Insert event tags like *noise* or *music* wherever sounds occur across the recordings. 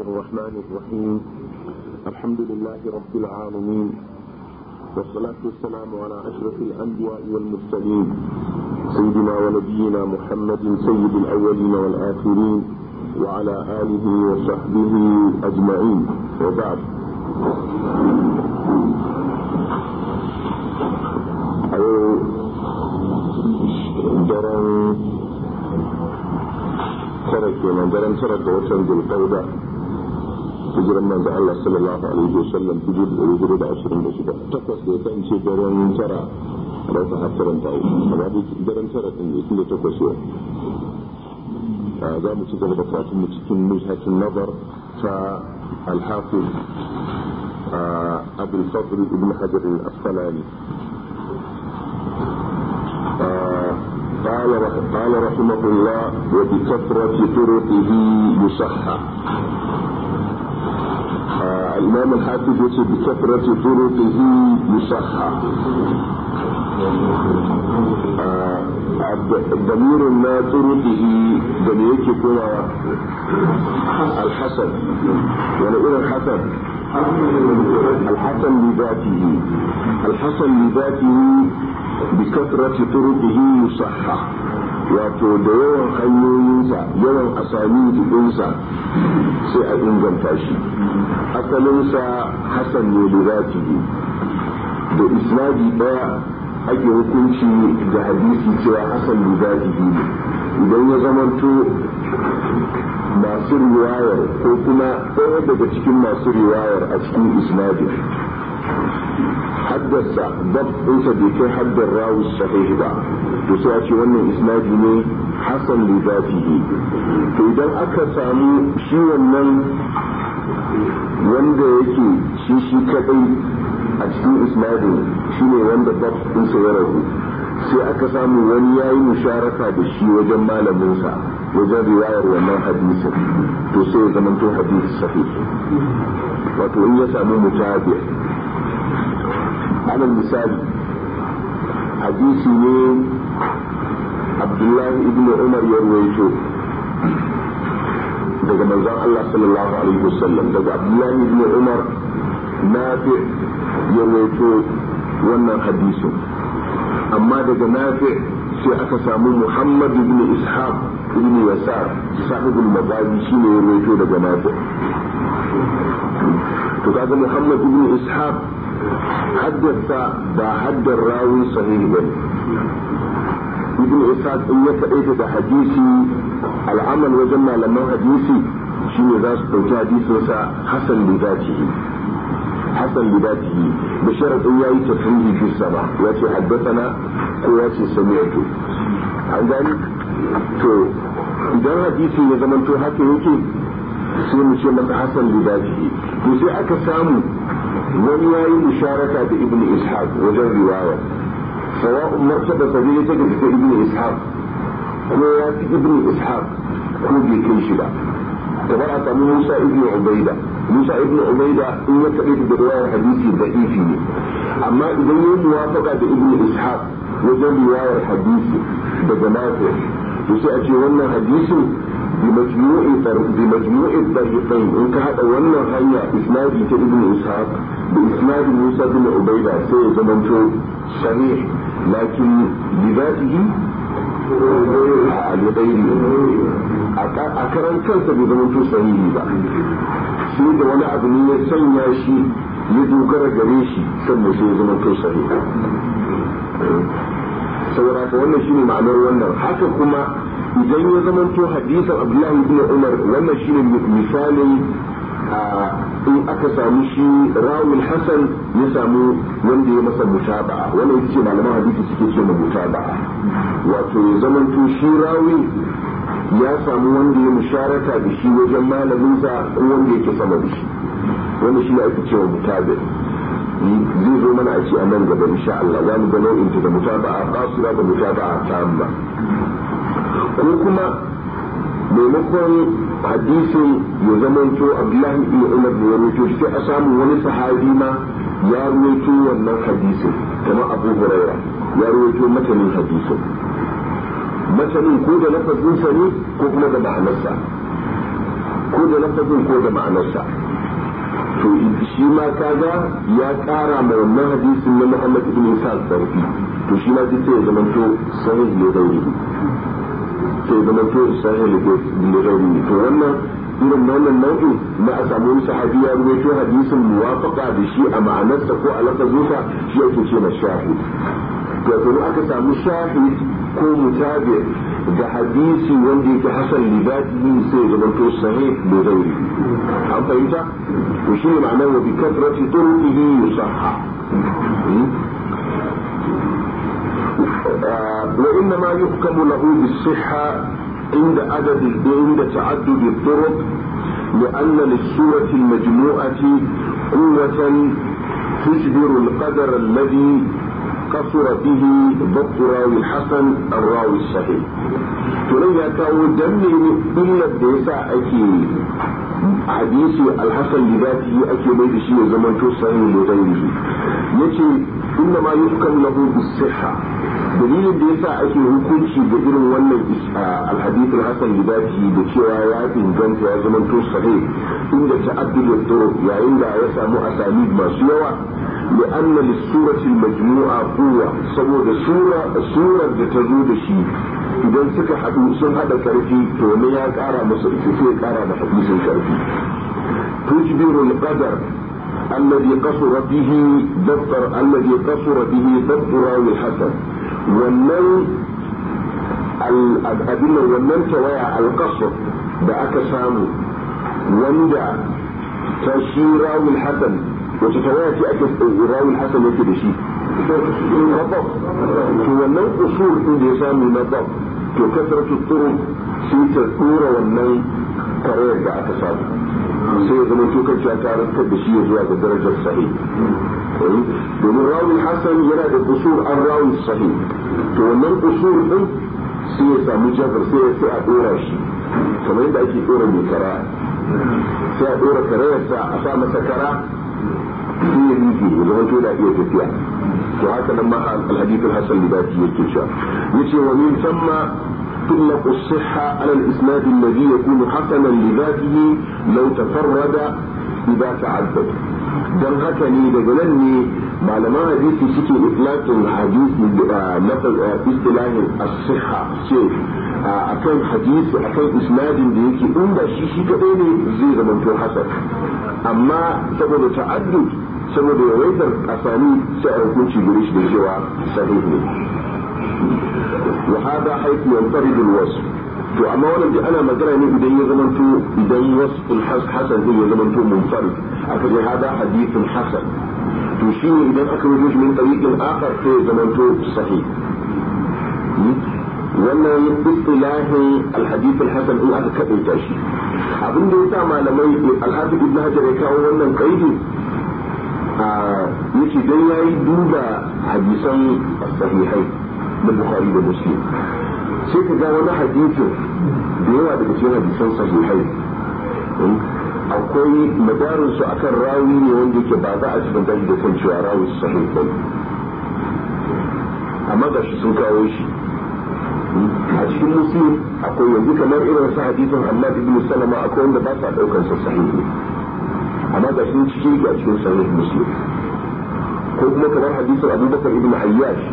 الرحمن الرحيم الحمد لله رب العالمين والصلاة والسلام على أشرف الأنبياء والمرسلين سيدنا ونبينا محمد سيد الأولين والآخرين وعلى آله وصحبه أجمعين وبعد أيوه درن ترك درن ترك وسند القوده hijiran manzo Allah sallallahu alaihi wasallam hijirar da ashirin da shida takwas da ya kasance daren tara da ta haftaran tawo amma daren tara din ne tun da takwas yau za mu ci gaba da karatun mu cikin mushatun nazar ta alhafiz abul fadl ibn hajar al-asqalani قال قال رحمه الله وبكثرة طرقه يصحى آه، الإمام الحافظ يقول بكثرة طرقه يصحح آه، الضمير ما طرقه دنيك يكون الحسن ولا يعني إلى الحسن الحسن لذاته الحسن لذاته بكثرة طرقه يصحح wato da yawan hanyoyinsa yawan asami jikinsa sai a inganta shi asalinsa hasan ne da zaki da isnadi ɗaya ake hukunci da hadisi cewa hasan ne zaki ne idan ya zamanto masu riwayar ko kuma ɗaya daga cikin masu riwayar a cikin isnadi haddasa bab ɗinsa bai kai haddar rawu sahihi ba to sai a ce wannan isnadi ne hasan li zatihi to idan aka samu shi wannan wanda yake shi shi kadai a cikin isnadi shi ne wanda bab ɗinsa ya rahu sai aka samu wani ya yi musharaka da shi wajen malaminsa wajen riwayar wannan hadisin to sai ya to hadisi sahih wato in ya samu mutabiya alal misali hadisi ne abdullahi ibn umar ya ruwaito daga manzon Allah sallallahu alaihi wasallam daga abdullahi ibn umar nafi ya ruwaito wannan hadisin amma daga nafi sai aka samu muhammad ibn ishaq ibn yasar sahibul mazaji shine ya ruwaito daga nafi to kaga muhammad haddasa ba haddar rawi sahihi bane ibn isaac in ya faɗe da hadisi al'amal wajen malaman hadisi shine za su ɗauki sa hasan bi zatihi hasan bi zatihi da ya yi tafrihi fi sama ya ce haddathana ko ya ce sami'tu an gani to idan hadisi ya zamanto haka yake sai mu ce masa hasan lidafi to sai aka samu wani yayi musharaka da ibn ishaq wajen riwaya sawa'un martaba sabi ta ga ta ibn ishaq ko ya fi ibn ishaq ko bai kai shi ba kamar a samu musa ibn ubaida musa ibn ubaida in ya kaɗe da riwayar hadisi da ifi ne amma idan ya yi muwafaka da ibn ishaq wajen riwayar hadisi da jama'a to sai a ce wannan hadisin بمجموع الطريقين إن كهذا ولا هيا إسناد ابن إسحاق بإسناد موسى بن عبيدة سيد زمنته صحيح لكن بذاته لغيره أكرم كنت بزمنته صحيح بقى سيد ولا أبنية سنة شيء يدوكر جريشي سنة سيد زمنته صحيح saboda ka wannan shine ma'anar wannan haka kuma idan ya zamanto hadisan abdullahi bin umar wannan shine misalin in aka samu shi rawul hasan ya samu wanda ya masa mutaba, wannan yake malaman hadisi suke ce wato ya zamanto shi rawi ya samu wanda ya musharata da shi wajen malaminsa wanda yake sama da shi wanda shi ake cewa zai zo mana a ce a nan gaba insha Allah za mu ga nau'in da mutaba'a qasira da mutaba'a tamma ko kuma maimakon hadisin ya zamanto abdullahi ibn umar da ya rubuto sai a samu wani sahabi ma ya rubuto wannan hadisin kama abu huraira ya rubuto matanin hadisin matanin ko da lafazinsa ne ko kuma da ma'anarsa ko da lafazin ko da ma'anarsa to shi ma kaga ya kara ma wannan hadisin na Muhammad ibn Sa'd sarfi to shi ma zai sai ya zamanto sahih ne da wuri في مناطق الساحل اللي غير تولى سورة من هنا الموضوع ما أسعمون صحابية رويتو حديث الموافقة بشيء مع نفسك وعلى زوجة شيء تشينا الشاهد يقولوا أكسع مشاهد كو متابع ده حديثي وندي كحسن من سيد من تو صحيح بغيره عم فهمت؟ وشيء معناه وبكثرة طرقه يصحح آه، وإنما يحكم له بالصحة عند عدد عند تعدد الطرق لأن للسورة المجموعة قوة تجبر القدر الذي قصر به ضبط راوي الحسن الراوي الصحيح تري يا دمي إلا الديسا أكي حديث الحسن لذاته أكي بيد شيء زمان تو صحيح لغيره يتي inda ma yuskan lahu bisihha dalilin da yasa ake hukunci ga irin wannan alhadith al-hasan lidati da cewa ya inganta ya zama to sahih inda ta'addud al-turuq yayin da ya samu asalib masu yawa لأن للسورة المجموعة قوة saboda surar da ta zo da shi idan suka haɗu sun haɗa ƙarfi to ne ya ƙara masa ita sai ya ƙara da hadisin ƙarfi tujbiru al-qadar الذي قصر به دبر الذي قصر به دبر راوي الحسن ومن الأدلة ومن توايع القصر بأك سامو وندع تشير راوي الحسن وتتوايع في أكس راوي الحسن يكي بشي ربط ومن قصور إن يسامي نبط كثرة الطرق سيتة كورة ومن كغير الاعتصام سيغلطوك الجاكار التبسيه زواء الدرجة الصحيح بن طيب؟ راوي حسن يرى القصور الراوي الصحيح تقول من قصور هم سيسا مجفر سيسا اوراشي كما يبقى يجي اورا من كراء سيا اورا كراء سا اسامة كراء هي ليكي اللي هو تولى ايه تتيا وهكذا لما قال الحديث الحسن لباتي يتشا يتشي ومن ثم تطلق الصحة على الإسناد الذي يكون حسنا لذاته لو تفرد إذا تعدد don haka ne daga nan ne malaman hadisi suke itlaqin hadisi da a as-sihha ce akan hadisi akan isnadin da yake inda shi shi kadai ne zai zama to hasan amma saboda ta'addud saboda yawaitar asani sai a hukunci gare shi da cewa sahih ne wa hada haifu yantarid alwasf to amma wannan da ana magana ne idan ya zamanto idan wasful hasan zai ya zamanto munfarid aka ji hada hadithun hasan to shi ne idan aka rubuta shi min tariqin akhar sai ya zamanto sahih wannan istilahin alhadith alhasan in aka ta shi abin da yasa malamai alhafiz ibn hajar ya kawo wannan kaidi a yake dan yayi duba hadisan sahihai da bukari da muslim sai ka ga wani hadisin da yawa daga cikin hadisan sahihai hmm? akwai madarin su akan rawi ne wanda ba za a ci banta da kan cewa rawi sahih ba amma ga shi sun kawo shi hmm? a cikin muslim akwai yanzu kamar irin su hadisin Allah ibn Salama akwai wanda ba sa daukar sa sahih ne amma ga shi cikin ko kuma kamar hadisin Abu Bakar Ayyash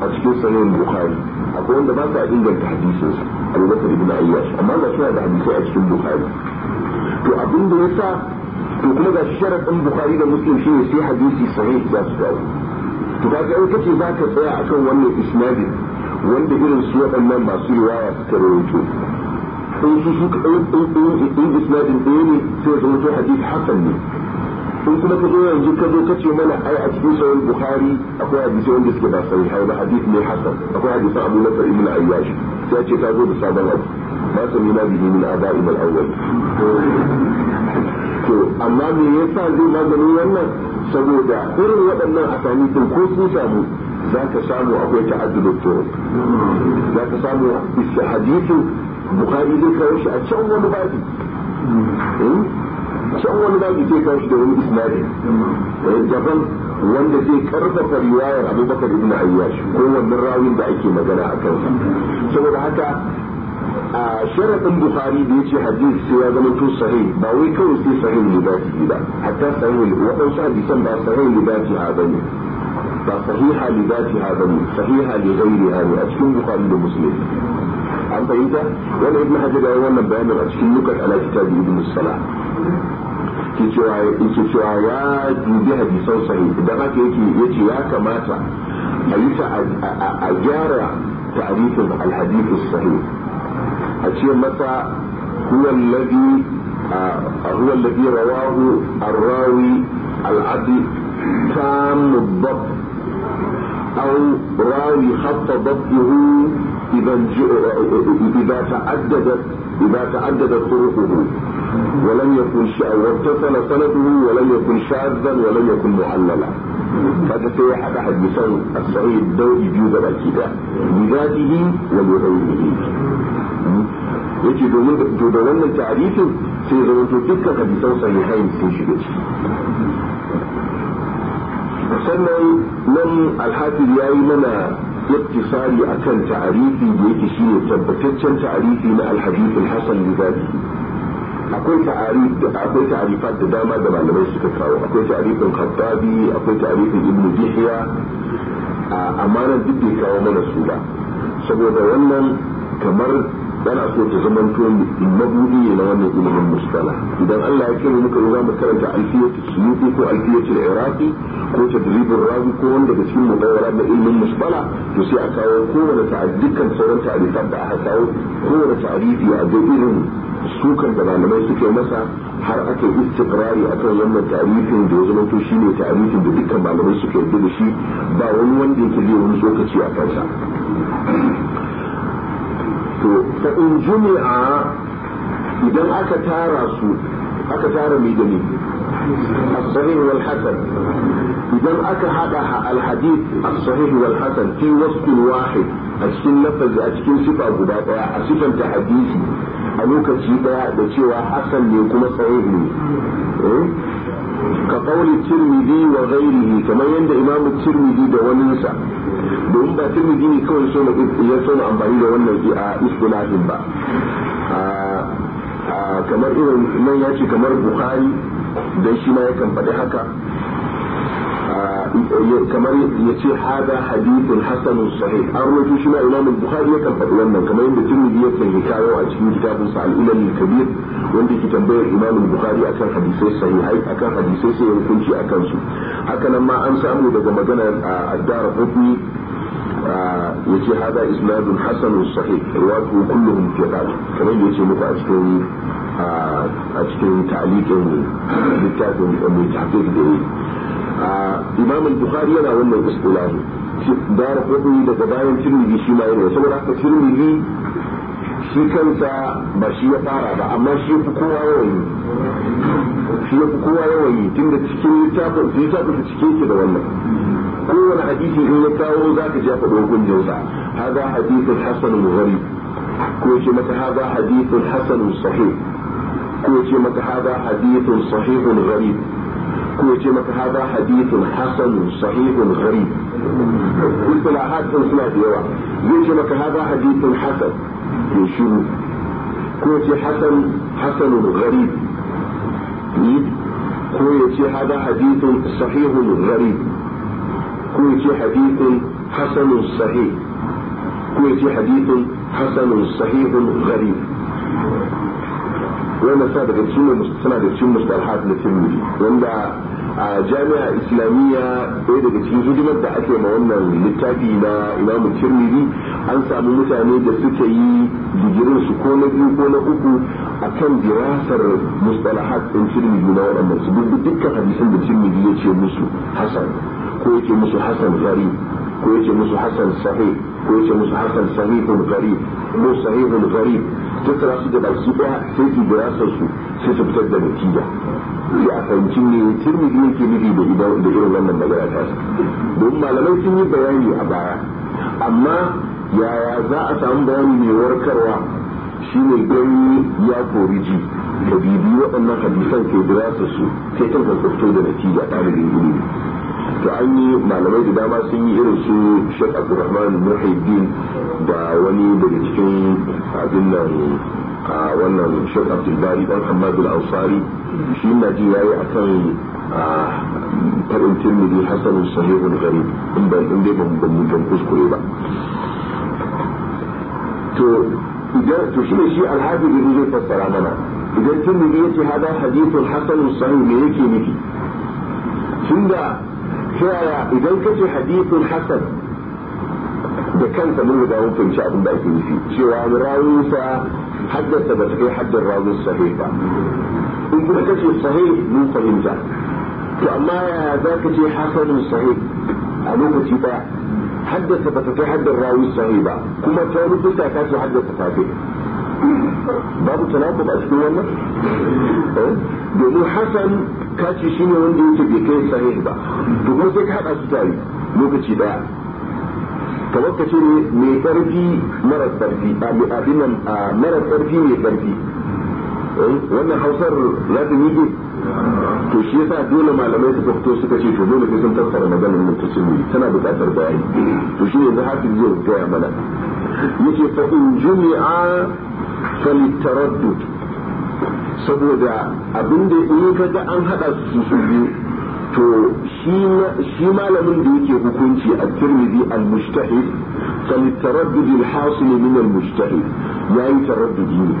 a cikin sanayin bukari akwai wanda ba sa inganta hadisin su abubakar ibn ayyash amma ga suna da hadisai a cikin bukari to abin da yasa to kuma ga sharaɗin bukari da muslim ne sai hadisi sahih za su dawo to ka ga za ka tsaya akan wannan isnadin wanda irin su waɗannan masu riwaya suka rawaito in su suka ɗaya ne sai hadisi hasan ne sun kuma ka zo yanzu ka zo ka ce mana ai a cikin sahih bukhari akwai hadisi wanda suke ba sahihai ba hadisi ne hasan akwai hadisi abu nasar ibn ayyash sai ce ka zo da sabon abu ba sami na bihi min aba'il mal awwal to amma me yasa zai magani wannan saboda irin waɗannan asani din ko sun samu za ka samu akwai ta'addudut turuq za ka samu hadisi bukhari zai kawo shi a can wani babi hmm? can wani babu zai kawo shi da wani isnadi daban eh, wanda zai karfafa riwayar abubakar ibn ayyash ko wannan rawin da ake magana a kansa saboda haka a sharaɗin bukhari da ya ce hadis sai ya zama to sahih ba wai kawai sai sahih ne ba shi ba hatta sahih waɗansu hadisan ba sahih ne ba shi ha ba sahiha li dhatiha bane sahiha li ghayriha ne a cikin bukhari da musulunci. عارفه انت ولا ابن حجر هو اللي بيان الرشيد لوك على كتاب ابن الصلاه كي تشوا يا دي دي حديث صحيح ده ما كيكي يجي يا كما تا اليس اجارا تعريف الحديث الصحيح اشي متى هو الذي آه، هو الذي رواه الراوي العدل تام الضبط او راوي خط اذا اذا تعددت اذا تعددت طرقه ولم يكن شاذ واتصل سنده ولم يكن شاذا ولم يكن معللا هذا سوى أحد مثال الصعيد الدوئي بيوزا الكتاب لذاته ولغيره yake domin to da wannan tarifin sai zama to dukkan hadisan sahihain sun shiga ciki ittisali akan ta'arifi da yake shine tabbataccen ta'arifi na al-hadith hasan akwai ta'arif akwai ta'arifat da dama da malamai suka kawo akwai ta'arifin khattabi akwai ta'arifin ibn dihya amma nan duk bai kawo mana su ba saboda wannan kamar ana so ta zama to mabudi ne na wannan ilimin mustala idan Allah ya kira muka za mu karanta alfiyatu suyuti ko alfiyatu iraqi ko tadribur rawi ko wanda daga cikin mudawara na ilimin mustala to sai a kawo kowane ta dukkan sauran ta'arifan da aka kawo kowane ta'arifi a ga irin sukan da malamai suke masa har aka yi istiqrari akan wannan ta'arifin da ya zama to shine ta'arifin da dukkan malamai suke yarda da shi ba wani wanda yake zai wani tsokaci a kansa to fa in jumi'a idan aka tara su aka tara mai da mai as idan aka hada al-hadith as-sahih wal hasan fi wasfin wahid a cikin lafazi a cikin sifa guda ɗaya a sifan ta a lokaci ɗaya da cewa hasan ne kuma sahih ne eh? ka kauli tirmidhi wa ghairihi kamar yadda imam tirmidhi da wani nisa domin ba tirmidhi ne kawai so na ya so na amfani da wannan a istilahin ba kamar irin nan ya ce kamar bukhari dan shi ma yakan faɗi haka kamar ya ce hada hadithun hasanun sahih an rubutu shi ma imam bukhari yakan faɗi wannan kamar yadda tirmidhi yakan hikayo a cikin kitabinsa al-ilal kabir wanda ke tambayar imamul bukhari akan hadisai sahihai akan hadisai sai hukunci akan su haka nan ma an samu daga magana maganar addar hukmi yace hada isnadun hasan sahih riwayatu kulluhum thiqat kamar da yace muku a cikin a cikin ta'liqin littafin mai tahqiq da yi imam bukhari yana wannan istilahi dar hukmi daga bayan tirmidhi shi ma yana saboda haka tirmidhi shi kansa ba shi ya fara ba amma shi yafi kowa yawayi shi yafi kowa yawayi tunda cikin littafin sai littafin su cike yake da wannan kowane hadisi in ya kawo za ka ji dogon faɗo hukuncinsa haza hadisin hasan muhari ko ce mata haza hadisin hasan sahih ko ce mata haza hadisin sahihun gharib ko ce maka haza hadithun hasanun sahihun gari istilahatun suna da yawa zai ce maka haza hadithun hasan ya shiru ko ce hasan hasanun ni ko ya ce hada hadithun sahihun gharib ko ya ce hadithun hasanun sahih ko ya ce hadithun hasanun sahihun gharib wannan sa daga cikin suna da cikin mustalhat na cikin wanda a jami'a islamiyya ɗaya daga cikin hidimar da ake ma wannan littafi na imamu tirmidhi an samu mutane da suka yi digirin su ko na biyu ko na uku akan kan dirasar mustalahat ɗin tirmidhi na waɗannan su duk dukkan hadisan da tirmidhi ya ce musu hasan ko yake musu hasan gari ko yake musu hasan sahih ko yake musu hasan sahihun gari ko sahihun gari tattara su da baki ɗaya sai su dirasar su sai su fitar da natija ya a fahimci ne tirmidhi yake nufi da irin wannan magana ta don malamai sun yi bayani a baya amma yaya za a samu bayani mai warkarwa shi ne gani ya kori ji da bibi waɗannan hadisan ke dirasa su sai kan fito da natija ɗalibin ilimi to an yi malamai da dama sun yi irin su shek abdurrahman muhiddin da wani daga cikin abin nan a wannan shek abdullahi dan hamadul ansari shi na ji yayi akan farin tirmidhi hasanun sahihun gari inda in dai ban ban kuskure ba to idan to shine shi alhaji ibn zai fassara mana idan tirmidhi yace hada hadithun hasanun sahih me yake nufi tunda cewa idan kace hadithun hasan da kansa mun riga mun fahimci abin da ake nufi cewa rawinsa haddasa ba kai haddar rawin sahih ba in kuma kace sahih mun fahimta to amma ya za ka ce hasanun sahih a lokaci ba haddasa ba kai haddar rawin sahih ba kuma ta wani fuska ka ce haddasa sahih babu tanakub a cikin wannan domin hasan ka ce shine wanda yake ba sai ka lokaci daya kamar ka ce mai ƙarfi marar ƙarfi a mara ƙarfi mai ƙarfi eh, wannan hausar za ta yi to shi yasa dole malamai su fito suka ce to dole sai sun tattara maganar mutum tana buƙatar bayani to shi ne zahafin zai gaya mana yake fa in jumi'a falitaraddud saboda abin da in ka ga an haɗa su su biyu to shi malamin da yake hukunci a tirmidhi al-mujtahid فللتردد الحاصل من المجتهد ya yi taraddudi ne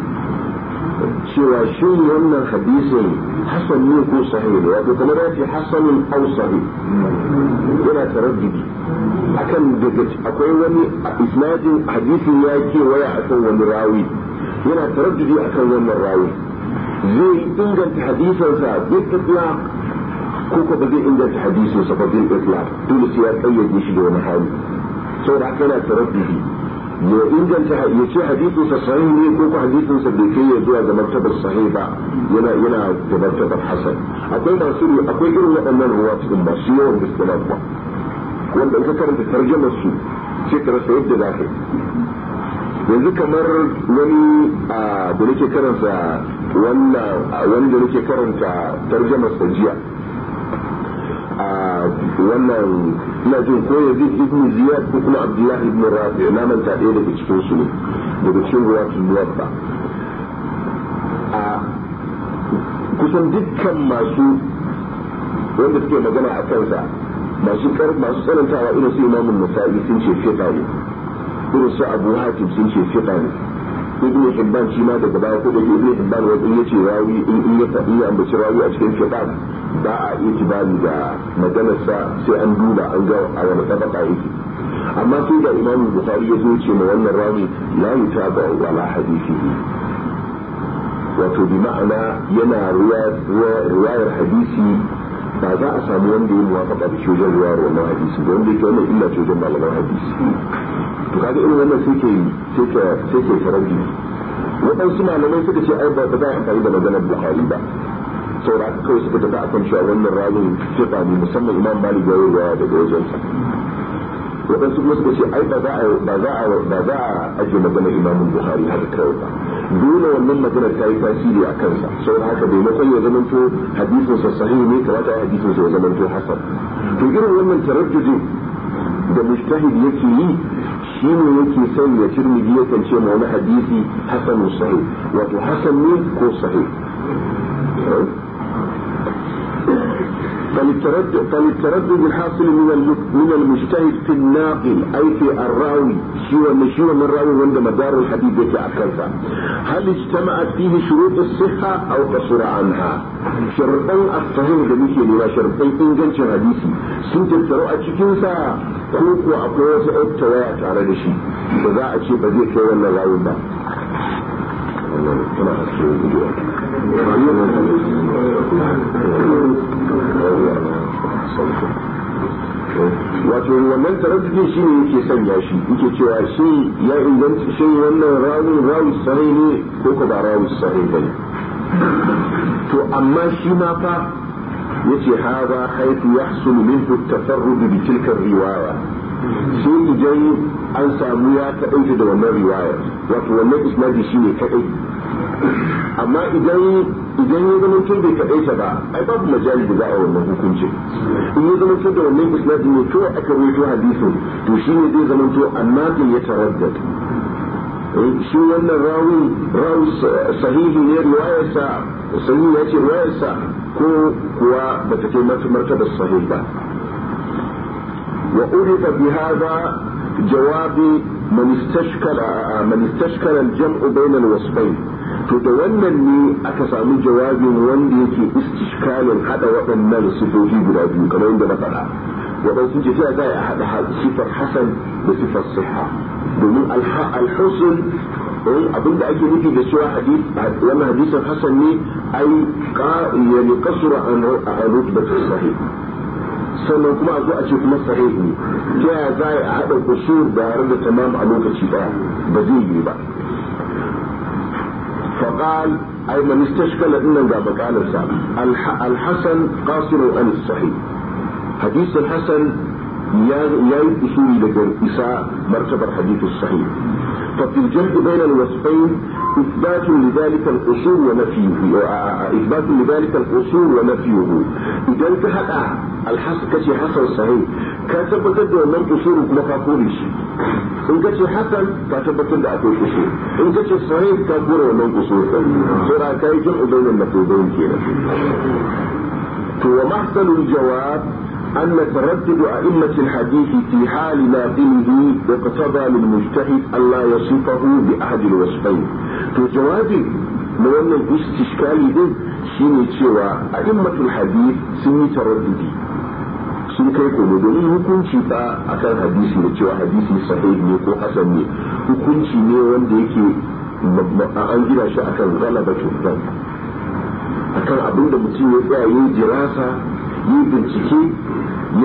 cewa shi wannan hadisin hasan ne ko sahih ne wato kamar ya ce hasanun au sahih yana taraddudi akan daga akwai wani isnadin hadisin ya kewaya akan wani rawi yana taraddudi akan wannan rawi zai inganta hadisansa duk ko ko ba zai inganta hadisin sa ba zai islam dole sai ya kayyade shi da wani hali saboda haka yana taraddudi ya inganta ya ce hadisin sa sahih ne ko ko hadisin sa bai kai ya zuwa ga martabar sahih ba yana yana da martabar hasan akwai masu akwai irin waɗannan ruwa cikin ba su yawan gaske na ba wanda in ka karanta tarjamar su sai ka rasa yadda za ka yanzu kamar wani a da nake karanta wannan wanda nake karanta tarjamar sa jiya wannan ina jin ko ya zai ibn ziyad ko kuma abdullahi ibn rafi na ta ɗaya daga cikin su ne daga cikin ruwa ba. a kusan dukkan masu wanda suke magana a kansa masu kar masu tsanantawa irin su imamun nasa'i sun ce fiqa ne irin su abu hatim sun ce fiqa ne ibn hibban shi ma daga baya ko da ibn hibban wanda ce rawi in ya faɗi ambaci rawi a cikin ne ba a itibari da maganarsa sai an duba an ga a wani tabaka yake amma sai da imamu bukhari ya zo ce ma wannan rami la yutaba wala hadithihi wato bi ma'ana yana riwayar hadisi ba za a samu wanda ya muwafaka da shi wajen riwayar wannan hadisi Ba wanda yake wannan illa ce wajen malaman hadisi to kaga irin wannan sai ke sai ke sai ke waɗansu malamai suka ce ai ba za a amfani da maganar bukhari ba saura kawai suka tafi akan cewa wannan rawin fiƙa ne musamman imam malik ya yi daga sa waɗansu kuma suka ce ai ba za a ba za a ba za a aje maganar imamun buhari haka kawai ba dole wannan maganar ta yi tasiri a kansa saboda haka maimakon ya zamanto hadisin sa sahihi ne kamata ya hadisin sa ya zamanto hasan to irin wannan tarajjudin da mujtahid yake yi shi ne yake sai ya tirmidhi kan ce ma wani hadisi hasanun sahih wato hasan ne ko sahih بل التردد التردد الحاصل من من المجتهد في الناقل أي في الراوي شيوى من شيوى من راوي عند مدار الحديث يتأكلها هل اجتمعت فيه شروط الصحة أو قصر عنها شرطان الصحيح لمثل لما شرطين إنجنش حديثي سنت الثراء أتشكنسا كوك أقوات أبتوايا على الشيء فذا أتشي بديك يوانا راوي ba. Thank you. wato wannan taraddudi shi ne yake sanya shi yake cewa shi ya inganta shi wannan rawin rawin sahi ne ko ko ba rawin sahi ba ne to amma shi ma fa yace hada haifu yahsulu minhu at-tafarrud bi tilka riwaya shi idan an samu ya kaɗaita da wannan riwaya wato wannan isnadi shi ne kaɗai amma idan idan ya zama tun bai kaɗai ta ba ai babu majali da za a wannan hukunci in ya zama tun da wannan isnadi ne to aka rawaito hadisin to shi ne zai zama to amma ya taraddad eh, shi wannan rawin rawu sahihi ne riwayarsa sahihi ya ce riwayarsa ko kuwa ba ta kai martabar sahih ba wa urifa bi hadha jawabi man istashkala man istashkala al-jam'u bayna al-wasfayn to da wannan ne aka samu jawabin wanda yake istiskalin hada waɗannan sifofi guda biyu kamar yadda na faɗa waɗansu ce ta za a haɗa sifar hasan da sifar siha domin alhusul eh, abin da ake nufi da cewa wannan hadisin hasan ne ai yani kasura a rutbatin sahih sannan kuma a zo ce kuma sahih ne ta za a haɗa kusur da da tamam a lokaci ɗaya ba zai yi ba فقال أي من استشكل إن ذا على الحسن قاصر عن الصحيح حديث الحسن يا إشوري لكن إساء مرتبة الحديث الصحيح ففي الجد بين الوصفين إثبات لذلك القصور ونفيه إثبات لذلك القصور ونفيه إذا انتهى الحسن كشي حسن صحيح ka tabbatar da wannan kusuru kuma ka kore shi in ka ce hasan ka tabbatar da akwai kusuru in ka ce sahih ka kore wannan kusuru sura ka yi jin ubayin da ubayin kenan to wa mahsalul jawab أن تردد أئمة الحديث في حال ناقله اقتضى للمجتهد ألا يصفه بأحد الوصفين. تو جوابي na wannan istiskali din shine cewa a immatul hadith sun yi taraddudi sun kai komo domin hukunci ba akan hadisi da cewa hadisi sahih ne ko hasan ne hukunci ne wanda yake an gina shi akan galabatu dan akan abin da mutum ya tsaya yin jirasa yi bincike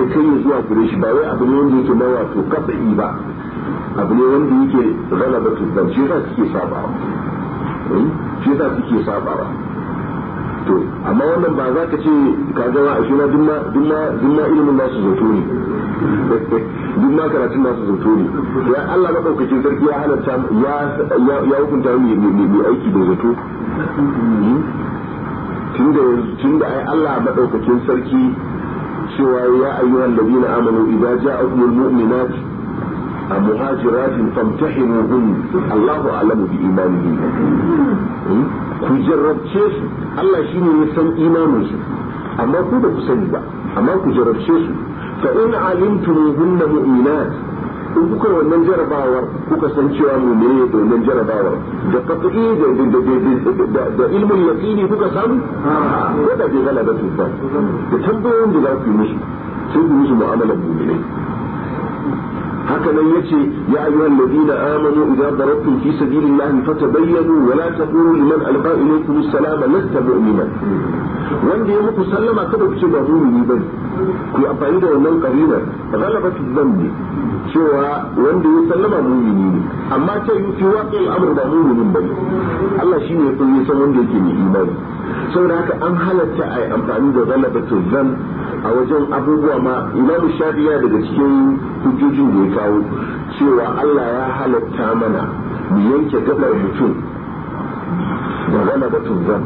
ya kai zuwa gure shi ba wai abu ne wanda yake na wato kafa'i ba abu ne wanda yake galabatu dan shi yasa suke sabawa eh? shi yasa suke sabawa to amma wannan ba za ka ce ka zama a shina dumma ilimin nasu zato ne *laughs* dumma karatun nasu zato ne ya Allah ɗaukacin sarki ya halatta ya ya hukunta mai aiki da zato hmm? tun da ai Allah ɗaukacin sarki cewa ya ayyuhal ladina amanu idza ja'akumul mu'minat مهاجرات فامتحنوهن الله أعلم بإيمانهن ku jarrabce su Allah shi ne san imanin amma ku da ku sani ba amma ku jarrabce su fa in alimtumuhunna mu'minat in kuka wannan jarabawar kuka san cewa mu ne da wannan jarabawar da qat'i da da da ilmin yaqini kuka san. ko da bi galaba su ba da tambayoyin da za ku yi musu sai ku musu mu'amalar mu'minai haka nan yace ya ayyuhal ladina amanu idza darabtum fi sabilillahi fatabayyanu wa la taqulu liman alqa ilaykum assalama lasta mu'minan wanda ya muku sallama kada ku ce ba mu'mini bane ku amfani da wannan karinar ghalabatu dhanbi cewa wanda ya sallama mumini ne amma ce yi fi waƙi al'amur ba muminin bane Allah shi ne sun yi san wanda yake mai imani saboda haka an halatta a yi amfani da da zan a wajen abubuwa ma imamu shafiya daga cikin hujjojin da ya kawo cewa Allah ya halatta mana mu yanke gabar mutum da da zan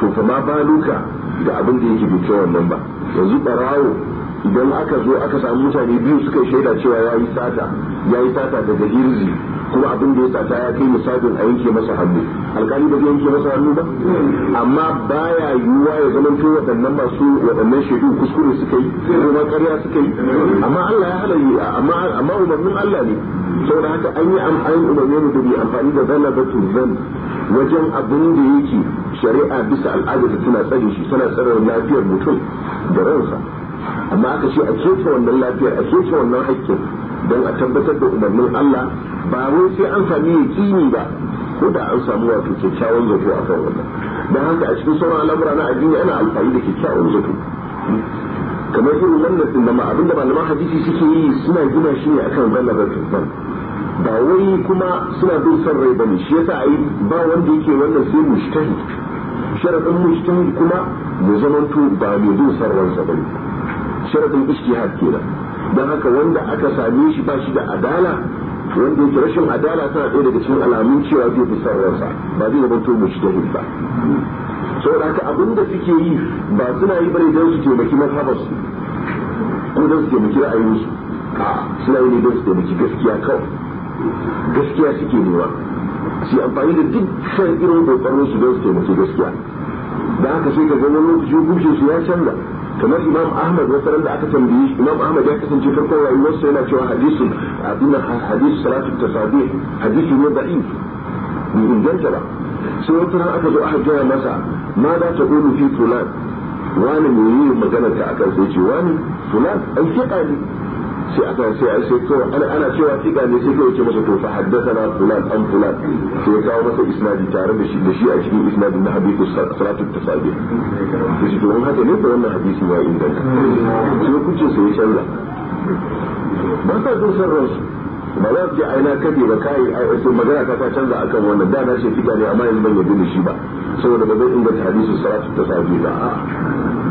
to fa ma baluka da abin da yake bai wannan ba yanzu barawo idan aka zo aka samu mutane biyu suka shaida cewa ya yi sata ya yi sata daga hirzi kuma abin da ya sata ya kai misalin a yanke masa hannu alkali ba zai yanke masa hannu ba amma baya yiwuwa ya zama to waɗannan masu waɗannan shaidu kuskure suka yi kuma ƙarya suka yi amma Allah ya halaye amma amma umarnin Allah ne saboda haka an yi amfani da mu da bi amfani da da zan wajen abin da yake shari'a bisa al'adar tana tsare shi tana tsare lafiyar mutum da ransa amma aka ce a kece wannan lafiyar a kece wannan haƙƙin don a tabbatar da umarnin Allah ba wai sai an sami yaƙini ba ko da an samu wato kyakkyawan zato a kan wannan don haka a cikin sauran al'amura na addini ana amfani da kyakkyawan zato kamar irin wannan din nama abinda malaman hadisi suke yi suna gina shi ne akan galabar tuffan ba wai kuma suna bin son rai bane shi yasa ai ba wanda yake wannan sai mu mujtahid sharadin mujtahid kuma mu zamanto ba mai bin son ransa bane sharadin istihad da. don haka wanda aka same shi ba shi da adala wanda yake rashin adala tana ɗaya daga cikin alamun cewa zai fi sa ba zai zama mu shi jahil ba saboda haka abin da suke yi ba suna yi bane don su taimaki su ko don su taimaki ra'ayinsu a suna yi ne don su taimaki gaskiya kawai gaskiya suke nema su amfani da duk san irin kokarin su don su taimaki gaskiya da haka sai ka ga wani lokacin hukuncin su ya canza kamar imam ahmad wasu ran aka tambaye shi imam ahmad ya kasance farkon rayuwarsa yana cewa hadisin abin hadisu salatu sabi hadisu ne bai bai inganta ba sai wata ran aka zo aka gaya masa ma za ta ƙoni fi fulan wani ne yi magana ta akan ce wani fulan ai fiƙa sai a kan sai a sai to ana cewa tika ne sai kai ce masa to fa haddathana fulan an fulan sai ya kawo masa isnadi tare da shi da shi a cikin isnadin na hadithu salatu tasabi to shi to haka ne to wannan hadisi ya inganta sai kuce sai ya canza ba sa jin san ransu ba za su ce aina kaje ba kai sai magana ta ta canza akan wannan da na ce tika ne amma yanzu ban yabi da shi ba saboda ba zai inganta hadisi salatu tasabi ba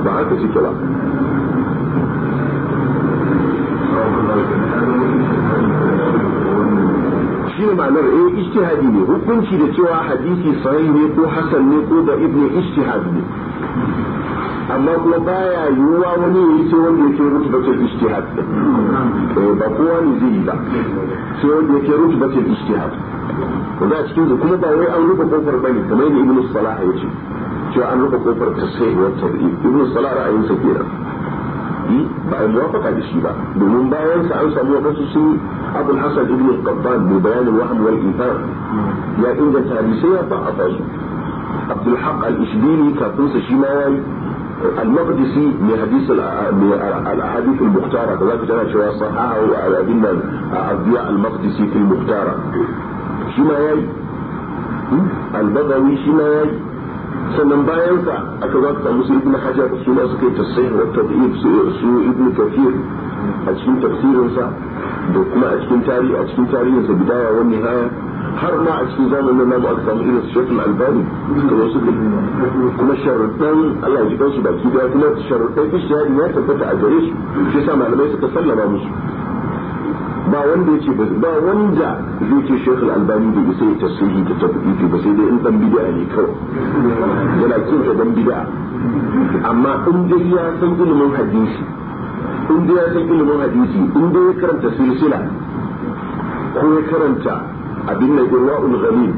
ba haka suke ba shi ne ma'anar eh ishtihadi ne hukunci da cewa hadisi sahih ne ko hasan ne ko da ibn ishtihadi ne amma kuma baya yiwuwa wani ya yi sai wanda yake rutu da cikin ishtihad eh ba kowa ne zai yi ba sai wanda yake rutu bace cikin ishtihad ko da cikin su kuma ba wai an rufe kofar bane kamar yadda ibn salah ya ce cewa an rufe kofar ta sai wata ibn salah ra'ayinsa kenan yi ba a muwafaka da shi ba domin bayan sa an samu wadansu sun abul hasan ibn al-qattan mai bayanin wahm wal ifar ya inganta hadisai ya ba a fasu abdul haq al-ishbili kafin sa shi ma yayi المقدسي من حديث الاحاديث المختاره كذلك جاء شواء صححه الادله الضياء المقدسي في المختاره شما ياي البغوي شما ياي sannan bayan sa aka za ka samu su ibn hajar su ma suka yi tafsir wa tabi'in su ibn kafir a cikin tafsirinsa. sa da kuma a cikin tarihi a cikin tarihinsa sa bidaya wa nihaya har ma a cikin zamanin nan aka samu irin Sheikh Al-Albani da wasu kuma sharuɗan Allah ya ji kansu baki daya kuma sharuɗan ishtihadi ya tabbata a gare su shi sa malamai suka sallama musu ba wanda yake ba ba wanda zai ce Sheikh Al-Albani da yake tasiri da tabbiti ba sai dai in dan bid'a ne kawai yana kin ka dan bid'a amma in dai ya san ilimin hadisi in dai ya san ilimin hadisi in dai ya karanta silsila ko ya karanta abin na irwa'ul ghalib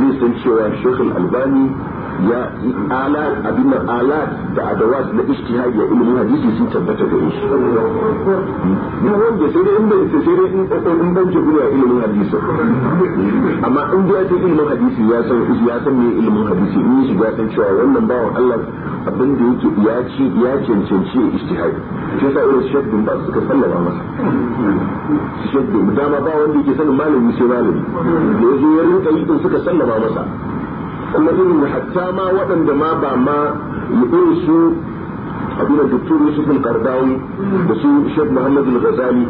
zai san cewa Sheikh Al-Albani ya ala abin ala da adawat na ijtihadi ya ilimin hadisi sun tabbata da shi duk wanda sai dai in bai sai dai in in ban jibu ya ilimin hadisi amma in ya ce ilimin hadisi ya san ya san me ilimin hadisi in shi ya san cewa wannan bawo Allah abin da yake ya ci ya cancanci ijtihadi shi yasa irin shaddin ba suka sallama masa shaddin dama ba wanda yake sanin malami sai malami da yazo ya rinka yi suka sallama masa الذين حتى ما وطن ما با ما يقول abin dukkan yusuf al-qardawi da su shek muhammad al-ghazali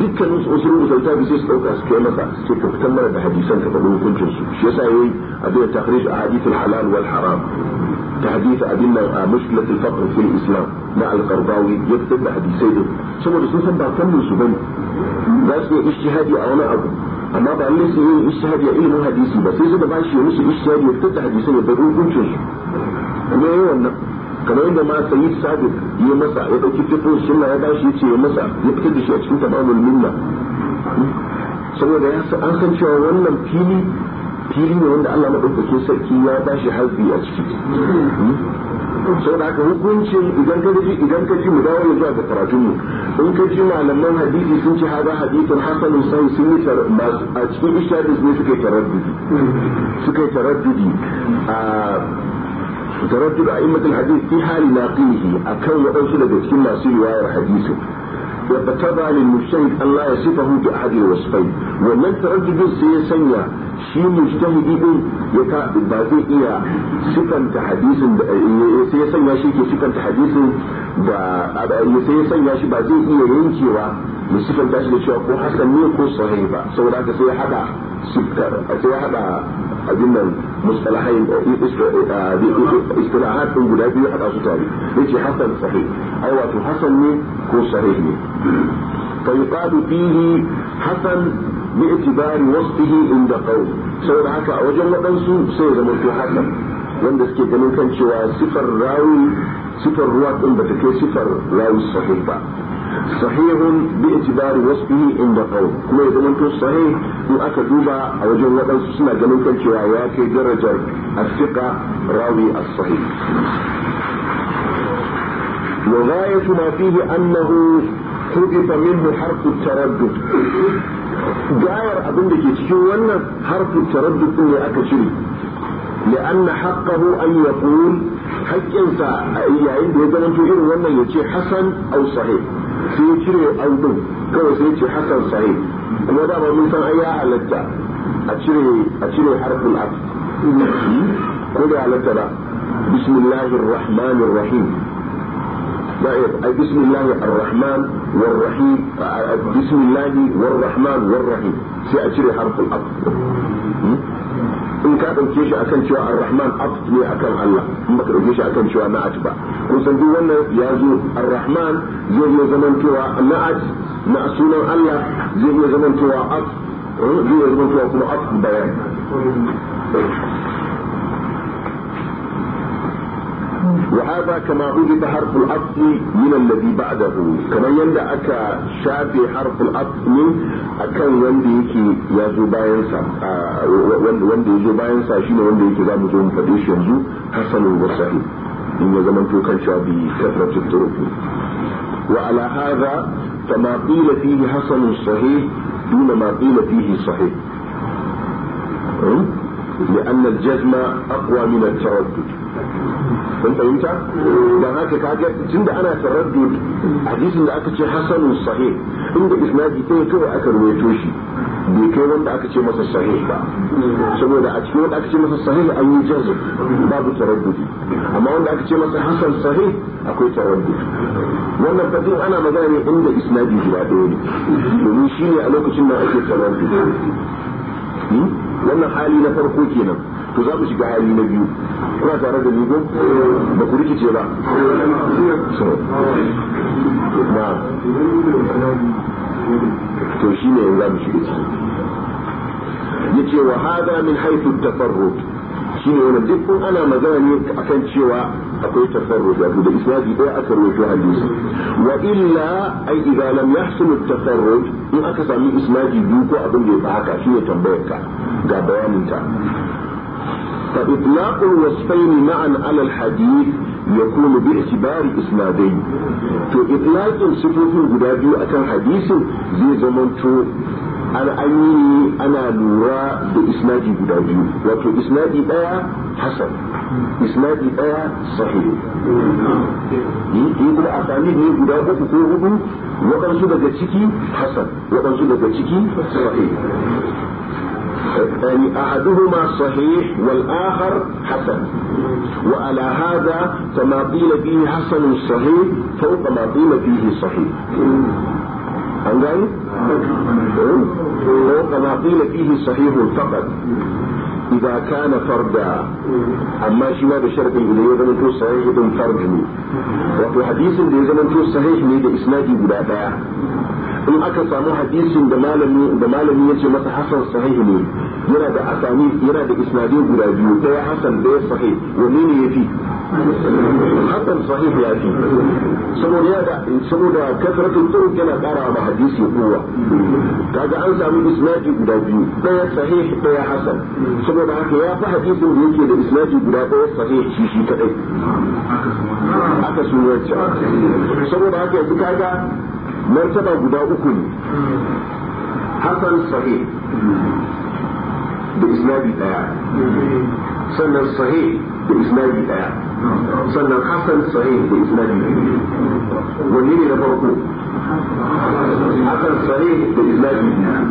dukkan usul usul ta bi sai su dauka su kai masa sai ka fitar mana da hadisan ka faɗi hukuncin su shi yasa yayi abin tahrij ahadith al-halal wal haram تحديث أدلة مشكلة الفقر في الإسلام مع القرضاوي يكتب حديثين ثم الرسول صلى الله عليه وسلم بس اجتهادي أو أنا أبو amma ba lalle su yin ishihadi a ilimin hadisi ba sai suka bashi musu ishihadi ya fitar da hadisai ya bar hukuncin su ne wannan kamar yadda ma sayyid sabit ya masa ya dauki fito sunna ya bashi yace ya masa ya fitar da shi a cikin tamamul minna saboda ya an san cewa wannan fili fili ne wanda Allah maɗaukake sarki ya ba shi harfi a ciki sau da haka hukunci idan ka ji idan ka ji mu dawo zuwa ga mu. in ka ji malaman hadisi sun ci haza hadisin hasanun sai sun yi a cikin ishadis ne suka yi taraddudi suka yi taraddudi a تردد أئمة daga cikin masu riwayar أكون ya بسنة في رواية الحديث وتبع للمجتهد أن لا يصفه بأحد الوصفين ومن تردد sanya. shi mujtahidi din ya ka ba zai iya sifanta hadisin da eh, sai ya sanya shi ke sifanta hadisin da sai ya sanya shi ba zai iya yankewa ya sifanta shi da cewa ko hasan ne ko sahih ba saboda haka sai ya hada sifkar sai ya hada abin nan mustalahain eh, eh, istilahat din guda biyu hada su tare yace hasan sahih ai wato hasan ne ko sahih ne fa yuqadu fihi hasan باعتبار وصفه عند قوم سواء هكا وجل بنسو سيد ملتو حكم وان دس كي دلو كان شواء سفر راوي سفر رواة ان بتكي سفر راوي صحيح با صحيح باعتبار وصفه عند قوم كما اذا ملتو صحيح دو اكا دوبا وجل بنسو سنة دلو كان شواء ياكي درجة الثقة راوي الصحيح وغاية ما فيه انه حدث منه حرف التردد gayar abin da ke cikin wannan harfin taraddud ne aka cire لأن حقه أن يقول حق إنسى يعني يزمن تقول وانا يتي حسن أو صحيح سيتري أو دم كو سيتي حسن صحيح وما دام من سنة أيها على التا أتري أتري حرف العطف كل على التبع بسم الله الرحمن الرحيم طيب بسم الله الرحمن والرحيم بسم الله والرحمن والرحيم سيأتي حرف الأب إن كان كيش أكن شو الرحمن أب لي أكن الله ما كيش أكن شو ما أتبع وصل دي ون الرحمن يجي زمن كوا ما أت ما أسون الله يجي زمن كوا أب يجي زمن كوا كوا أب بيان وهذا كما حذف حرف العطف من الذي بعده كما يندى أكا شافي حرف العطف من أكا وندي يكي يازو باينسا وندي يزو باينسا شين وندي يكي زامو زوم فديش يمزو حسن وصحيح إن زمن توكا شابي كثرة الطرق وعلى هذا فما قيل فيه حسن صحيح دون ما قيل فيه صحيح لأن الجزم أقوى من التردد da fahimta dan haka kaga da ana taraddud hadisin da aka ce hasanu sahih inda isnadi ɗaya kawai aka ruwaito shi bai kai wanda aka ce masa sahih ba saboda a cikin wanda aka ce masa sahih an yi jazm babu taraddudi amma wanda aka ce masa hasan sahih akwai taraddud wannan fadin ana magana ne inda isnadi guda ɗaya ne domin shi ne a lokacin da ake taraddud hmm? wannan hali na farko kenan to za mu shiga hali na biyu kuna tare da ni ba ku rikice ba so to shi ne yanzu za mu shiga ciki yace wa hada min haythu tafarrud shi ne wani duk ana magana ne a kan cewa akwai tafarrud wato da isnadi ɗaya aka rawaito hadisi wa illa ai idza lam yahsul at in aka sami isnadi biyu ko abin da ya fi haka shi ne tambayar ka ga bayanin فإطلاق الوصفين معا على الحديث يكون باعتبار إسنادين تو إطلاق صفوف جدابي أكان akan زي zai تو al'amini ana lura da isnadi guda biyu wato isnadi daya hasan isnadi daya sahih yi kuma asali ne guda uku ko hudu waɗansu daga ciki hasan waɗansu daga ciki sahih يعني أحدهما صحيح والآخر حسن وعلى هذا فما قيل فيه حسن صحيح فوق ما قيل فيه صحيح عندي؟ فوق ما قيل فيه صحيح فقط إذا كان فردا أما شيء ما بشرط إنه يزمن صحيح فرد وفي حديث اللي يزمن صحيح لي اسناد إسنادي إن أكا سامو حديث ده مالمي ده مالمي حسن صحيح لي yana da asani yana da isnadi guda biyu ɗaya hasan ɗaya sahih wani ne yafi hasan sahih ya fi saboda ya da saboda kasratul turu yana ƙara ma hadisi kowa kaga an samu isnadi guda biyu ɗaya sahih ɗaya hasan saboda haka ya fi hadisin da yake da isnadi guda ɗaya sahih shi shi kadai aka sunwarci saboda haka yanzu kaga martaba guda uku ne hasan sahih بإسناد الآن سنة الصحيح بإسناد الآن سنة الحسن الصحيح بإسناد الآن والليل إلى فرقه حسن الصحيح بإسناد الآن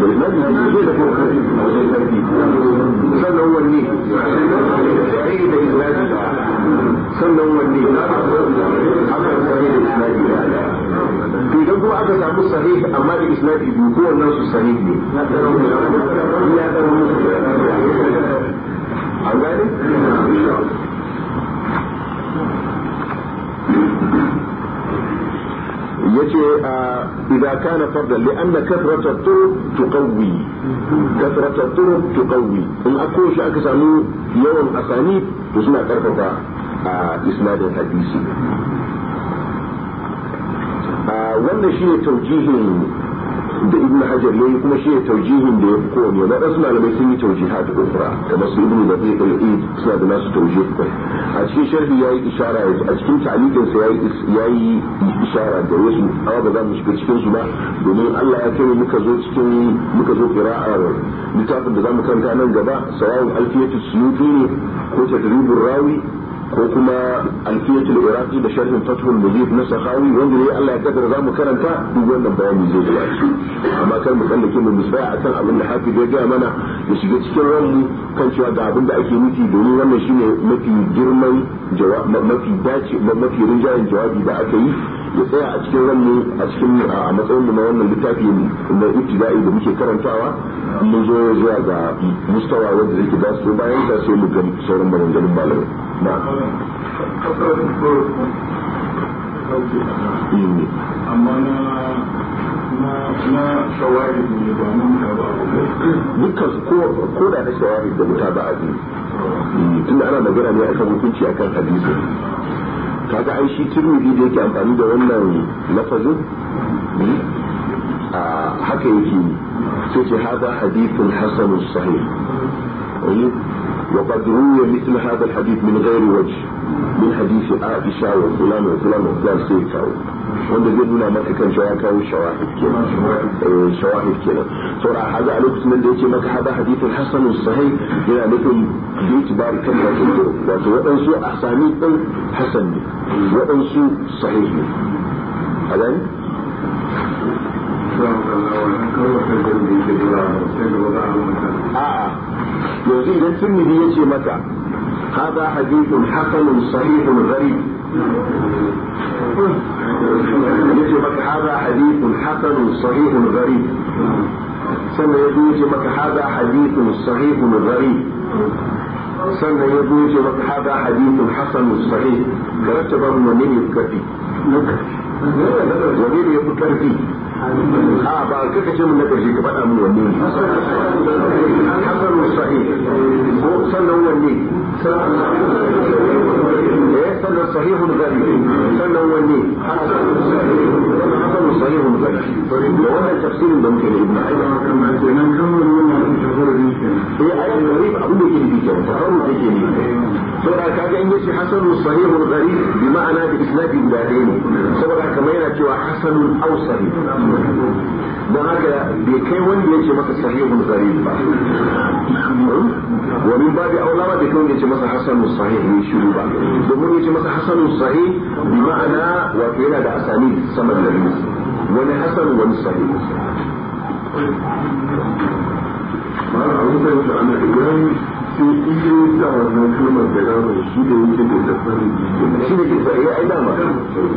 بإسناد سنة هو المين سنة هو المين حسن صحيح بإسناد الآن to idan kuma aka samu sahih amma da isnadi biyu ko wannan su sahih ne ya tsaro musu an gane yace a ah, idan kana fardal li anna kasrata turuq tuqawwi kasrata turuq tuqawwi in ako shi aka samu yawan asani to suna karfafa a ah, isnadin hadisi wannan shi ne taujihin da ibn hajar ne kuma shi ne taujihin da ya fi kowane waɗansu malamai sun yi taujiha da ukra kamar su ibn zafi al-eid suna da nasu ta'uji a cikin sharhi ya yi ishara a cikin ta'alikinsa ya yi ishara da wasu awa ba za mu shiga cikin su ba domin allah ya kai muka zo cikin muka zo ƙira'ar littafin da za mu kanta nan gaba sawa'un alfiyatu suyuti ne ko tadribur rawi ko kuma alfiyatul iraqi da sharhin fathul mujib na sahawi wanda ne Allah ya kaddara zamu karanta duk wannan bayani zai zuwa shi amma kar mu tsallake mu musaya akan abin da hafiz ya gaya mana da shiga cikin ranmu kan cewa ga abin da ake nufi domin wannan shine mafi girman mafi dace mafi rinjayen jawabi da aka yi ya tsaya a cikin ranmu a cikin a matsayin na wannan littafi na ibtida'i da muke karantawa mun zo zuwa ga mustawa wanda zai ki dasu bayan ta sai mu ga sauran maganganun malamai amma na shawari ba na muta ba dukkan su ko da na shawari da muta ba a abu eh, tunda ana magana ne a akan hukunci kan hadisi kaga ai shi turmidi da yake amfani da wannan lafazin eh, a haka yake sai ce haza hadithun hasanun sahih وقد روي مثل هذا الحديث من غير وجه من حديث عائشة وفلان وفلان وفلان سيرته وعند ذي ما كان جواكا وشواهد كنا شواهد كنا إيه، فرع هذا على قسم اللي يتي مكا هذا حديث الحسن الصحيح إلى مثل بيت بارك الله كنتو وانسو وانسو أحساني حسن وانسو صحيح هذا yanzu idan turmidi ya ce mata هذا حديث حسن صحيح غريب yace maka hada hadithun hasanun sahihun gharib sannan ya yace maka hada hadithun sahihun gharib sannan ya yace maka hada hadithun hasanun sahih ka rattaba mu ne ne kafi wani ne ya fi karfi a ba kaka ce mun na karshe ka faɗa mun wanne hasanu sahi ko sannan wanne eh sannan sahihun gari sannan wanne hasanu sahihun gari wannan tafsirin da muke da ibnu ayyub kenan kamar wannan tafsirin ne eh ayyuka abin da yake nufi kenan tafarru yake nufi saboda ka ga in yace gari bi ma'ana da isnadi ne saboda kamar yana cewa hasanun ausari haka bai kai wanda yace masa sahihun gari ba wa min babi aula ba yace masa sahih ne ba domin yace masa sahih bi ma'ana da asali da wani wani sahih to in yi da wannan kalmar da ramar shi da yake da tafari shi da ke sai ai dama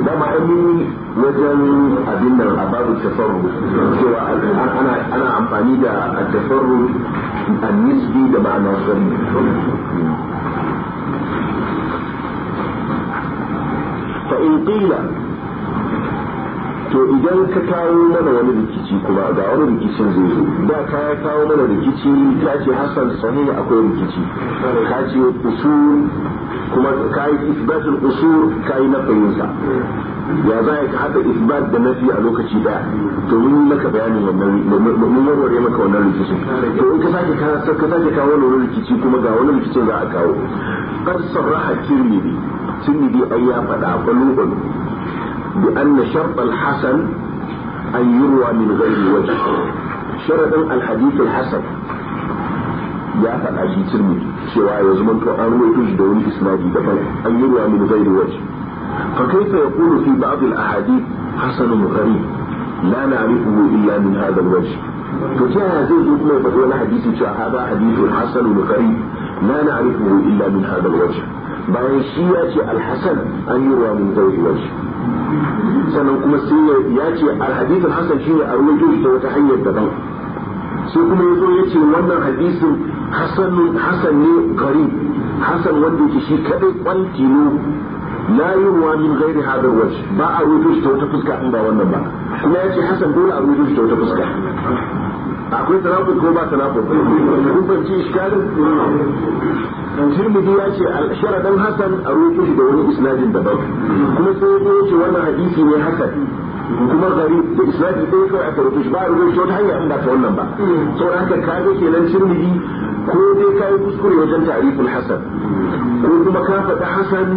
dama an yi wajen abin nan a babu tafarru cewa ana ana amfani da tafarru annisbi da ma'anar sani fa in qila to idan ka kawo mana wani rikici kuma ga wani rikicin zai zo da ka kawo mana rikici ka ce hasan sahih akwai rikici ka ce usul kuma ka yi isbatul usul ka yi na nafayinsa ya za ka haɗa isbat da nafi a lokaci daya to mun maka bayanin wannan mun warware maka wannan rikicin to in ka sake ka sake kawo wani rikici kuma ga wani rikicin za a kawo qad sarraha tirmidhi tirmidhi ai ya faɗa balubalu لأن شرط الحسن أن يروى من غير وجه شرط الحديث الحسن يا فأشي ترمي سواء يزمن أن يوجد دون إسنادي دفن أن يروى من غير وجه فكيف يقول في بعض الأحاديث حسن غريب لا نعرفه إلا من هذا الوجه فجاء زيد بن فهو حديث هذا حديث حسن غريب لا نعرفه إلا من هذا الوجه بعد الشيئة الحسن أن يروى من غير وجه sannan kuma sai ya ce alhadisin hasan shine a ruwaito ta wata hanyar daban sai kuma ya zo ya ce wannan hadisin hasan ne gari hasan wanda yake shi kadai kwantilo la yurwa min ghairi hadar wajh ba a ruwaito ta wata fuska in ba wannan ba kuma ya ce hasan dole a ruwaito ta wata fuska akwai tanakul ko ba tanakul kun fahimci iskalin tirmidhi ya ce sharadan hasan a roƙe da wani isnadin daban kuma sai ya ce wannan hadisi ne hasan kuma gari da isnadi ɗaya kawai aka roƙe shi ba a roƙe shi wata hanya ba ta wannan ba saboda haka ka ga kenan tirmidhi ko dai ka yi kuskure wajen ta'riful hasan ko kuma ka faɗi hasan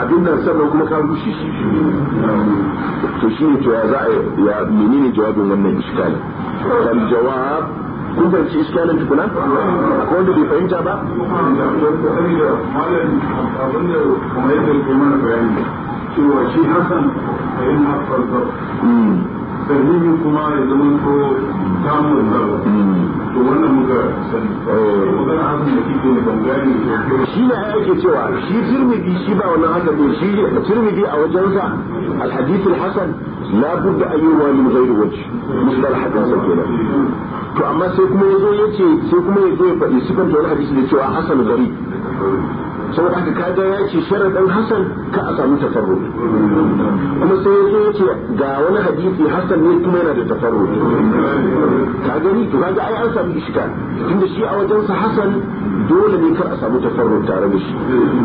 abin nan sannan kuma ka rushe shi to shi ne cewa za a ya menene jawabin wannan iskali kan jawab kun fahimci iskalin tukuna ko wanda bai fahimta ba cewa shi hasan fahimta sahihi kuma ya zama ko samun zaro to wannan muka sani eh. magana hakan da kike ne ban gane shi ne ake cewa shi tirmidhi shi ba wannan hakan ne shi tirmidhi a wajensa alhadith alhasan la budda an yurwa min ghairi wajh misal hakan kenan to amma sai kuma yazo yace sai kuma yazo ya faɗi sifar da wani hadisi da cewa hasan gari saboda haka kaga ya ce sharaɗin Hassan ka a samu tafarruɗi kuma sai ya zo ce ga wani hadisi Hassan ne kuma yana da tafarruɗi ka gani to kaga ai an samu iska Tunda shi a wajensa Hassan dole ne kar a samu tafarruɗi tare da shi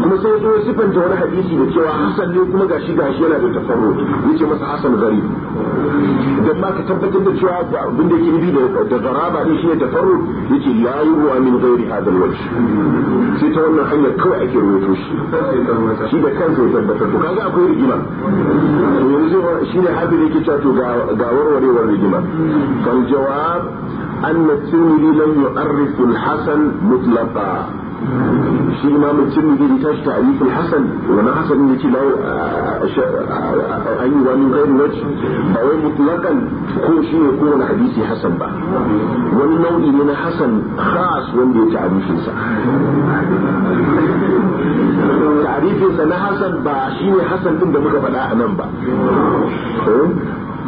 kuma sai ya zo ya sifanta wani hadisi da cewa Hassan ne kuma gashi gashi yana da tafarruɗi ya ce masa Hassan gari idan ma ka tabbatar da cewa da abin da yake nufi da garaba ne shi ne tafarruɗi ya ce ya yi min gairi hadal wajh sai ta wannan hanyar kawai ake ke rubuto shi shi da kansa ya tabbatar to kaga akwai rigima to yanzu shi ne hafi da yake cewa to ga warwarewar rigima fal jawab أن الترمذي لم يؤرخ الحسن مطلقا shi ma mutum da ta shi ta'arif al-hasan wani hasan ne ce lau ayyuwa min gairi wacce ba wai mutlakan ko shi ne ko wani hadisi hasan ba wani nau'i ne na hasan khas wanda ya ta'arifin sa ta'arifin sa na hasan ba shi ne hasan din da muka faɗa a nan ba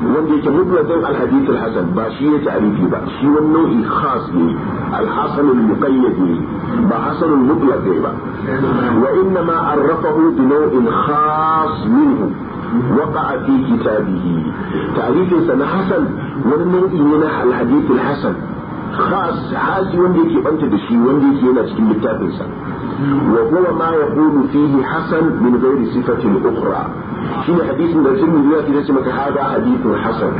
wanda yake mutlazin alhadith alhasan ba shi ne ta'rifi ba shi wani nau'i khas ne alhasan almuqayyad ne ba hasan almutlaq ne ba wa inna ma arrafahu bi nau'in khas minhu waqa fi kitabihi ta'rifin sa na hasan wani nau'i ne na alhadith alhasan khas hasi wanda yake banta da shi wanda yake yana cikin littafin وهو ما يقول فيه حسن من غير صفة أخرى شنو حديث من الجن يأتي ليس هذا حديث حسن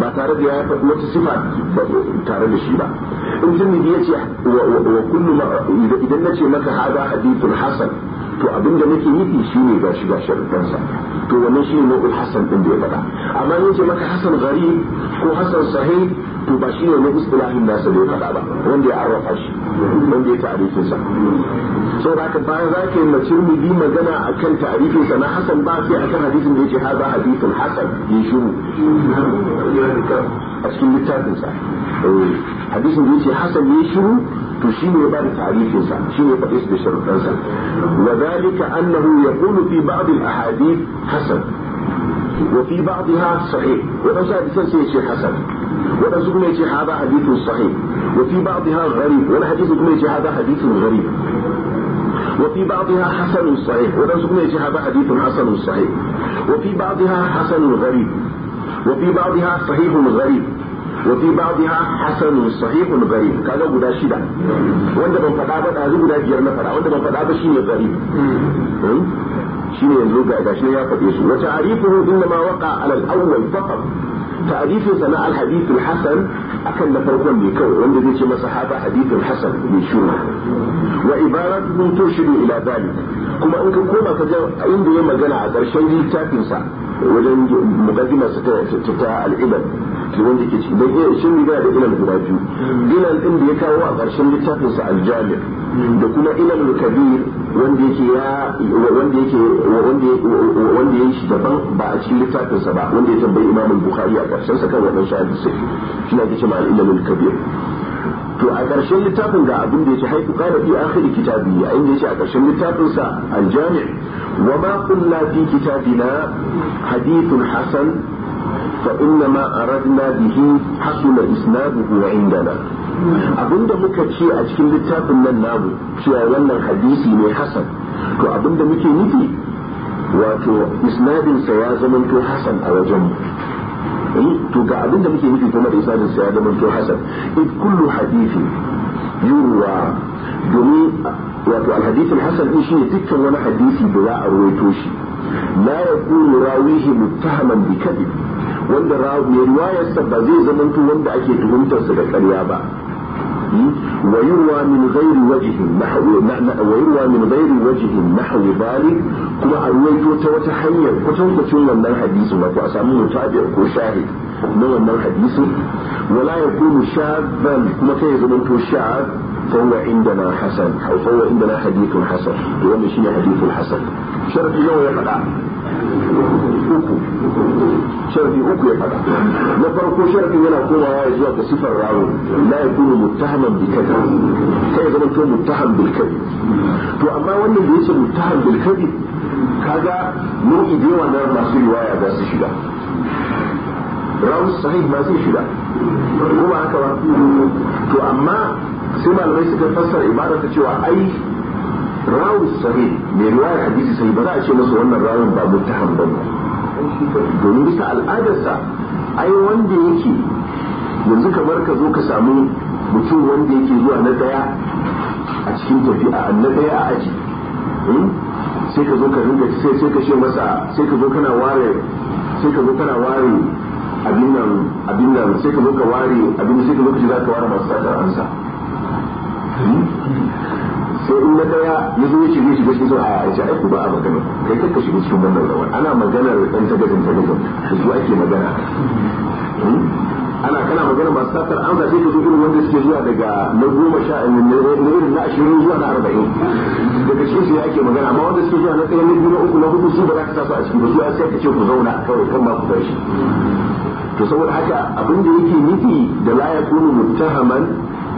ba tare da ya faɗi wata sifa tare da shi ba in jin ya ce wa kullu idan na ce maka hada hadithun hasan to abin da muke nufi shi ne shi ga sa. to wannan shi ne nau'in hasan ɗin da ya faɗa amma in ce maka hasan gari ko hasan sahih to ba shi ne na istilahin nasa da ya faɗa ba wanda ya arrafa shi wanda ya ta'arifin sa sau da ba za ka yi mace mu bi magana a kan ta'arifin sa na hasan ba sai a kan hadisin da ya ce ha ba hadisin hasan ya shiru a cikin littafin sa. Eh, hadisin da ya ce hasan ya shiru تشير بعض تعريف الزعم تشير بعض اسم شرط الزعم وذلك انه يقول في بعض الاحاديث حسن وفي بعضها صحيح ورجاء بسن سيشي حسن ورجاء يجي هذا حديث صحيح وفي بعضها غريب ولا حديث يقول هذا حديث غريب وفي بعضها حسن صحيح ورجاء يجي هذا حديث حسن صحيح وفي بعضها حسن غريب وفي بعضها صحيح غريب wa fi ba'dha sahihu sahihun gharib kaga guda shida wanda ban faɗa ba guda biyar na faɗa wanda ban faɗa ba shine gharib hmm? shine yanzu ga gashi ya faɗe su wa ta'rifuhu inna ma waqa ala al-awwal faqat ta'rifin sana al-hadith al-hasan akan farkon ne kawai wanda zai ce masa hada hadith al-hasan ne shuru wa kuma in ka koma ka ga inda ya magana a ƙarshen littafinsa wajen mukaddima su ta ta al'ibar shi wanda ke cikin don shi ne da ilal guda biyu ilal din da ya kawo a ƙarshen littafin sa aljami da kuma ilal kabir wanda yake ya wanda yake wanda wanda yake shi daban ba a cikin littafin sa ba wanda ya tambayi imamul bukhari a ƙarshen sa kan wannan shahadi sai shi ne ake cewa ilal kabir to a ƙarshen littafin ga abin da yake haifu qala fi akhir kitabi a inda yake a ƙarshen littafin sa al wa ma qulna fi kitabina hadithun hasan fa inna ma aradna bihi hasuna isnaduhu indana da muka ce a cikin littafin nan namu cewa wannan hadisi ne hasan to da muke nufi wato isnadinsa ya zamanto hasan a wajen mu to ga abin da muke nufi kuma da isanin sa ya da to hasan id kullu hadisi yurwa domin wato alhadith alhasan din shine dukkan wani hadisi da za a rawaito shi la yakunu rawihi muttahaman bi kadhib wanda rawi riwayar sa ba zai zama wanda ake tuhumtar sa da ƙarya ba ويروى من غير وجه نحو ويروى من غير وجه نحو ذلك كما أرويته توتحير وتوتحير من الحديث ما أسامه متابع وشاهد نوع من الحديث ولا يكون شاذا كما من الشاذ فهو عندنا حسن أو فهو عندنا حديث حسن هو شيء حديث الحسن شرط يوم يقضى sharadi uku ya fada na farko sharadin yana komawa ya zuwa ga sifar rawo la yakunu muttahaman bi kadhi sai ya zama to mutahan bil to amma wannan da yake mutahan bil kadhi kaga nau'i da yawa na masu riwaya za su shiga Rawu sahih ma zai shiga ko ba haka ba to amma sai malamai suka fassara ibada ta cewa ai rawun sahih mai riwaya hadisi sai ba za a ce masa wannan rawun ba muttaham bane domin bisa al'adarsa ai wanda yake yanzu kamar ka zo ka samu mutum wanda yake zuwa na daya a cikin tafiya na daya a aji hmm? sai ka zo ka ringa sai sai ka ce masa sai ka zo kana ware sai ka zo kana ware abin nan abin nan sai ka zo ka ware abin sai ka zo ka ce za ka ware masu satar ansa hmm? sai na daya ya zo ya ce zai shiga cikin a ya ce ai ba a magana kai kakka shiga cikin wannan rawar ana maganar ɗan tagajin tagajin da su ake magana hmm? ana kana magana masu satar an zaɓe ka zo irin wanda suke zuwa daga na goma sha eh, eh, na irin na ashirin zuwa na arba'in daga cikin su ake magana amma wanda suke zuwa na ɗaya na biyu na uku na hudu su ba za ka sa a cikin ba su a sai ka ce ku zauna kawai kan ma ku tashi. to saboda haka abin da yake nufi da la yakunu muttahaman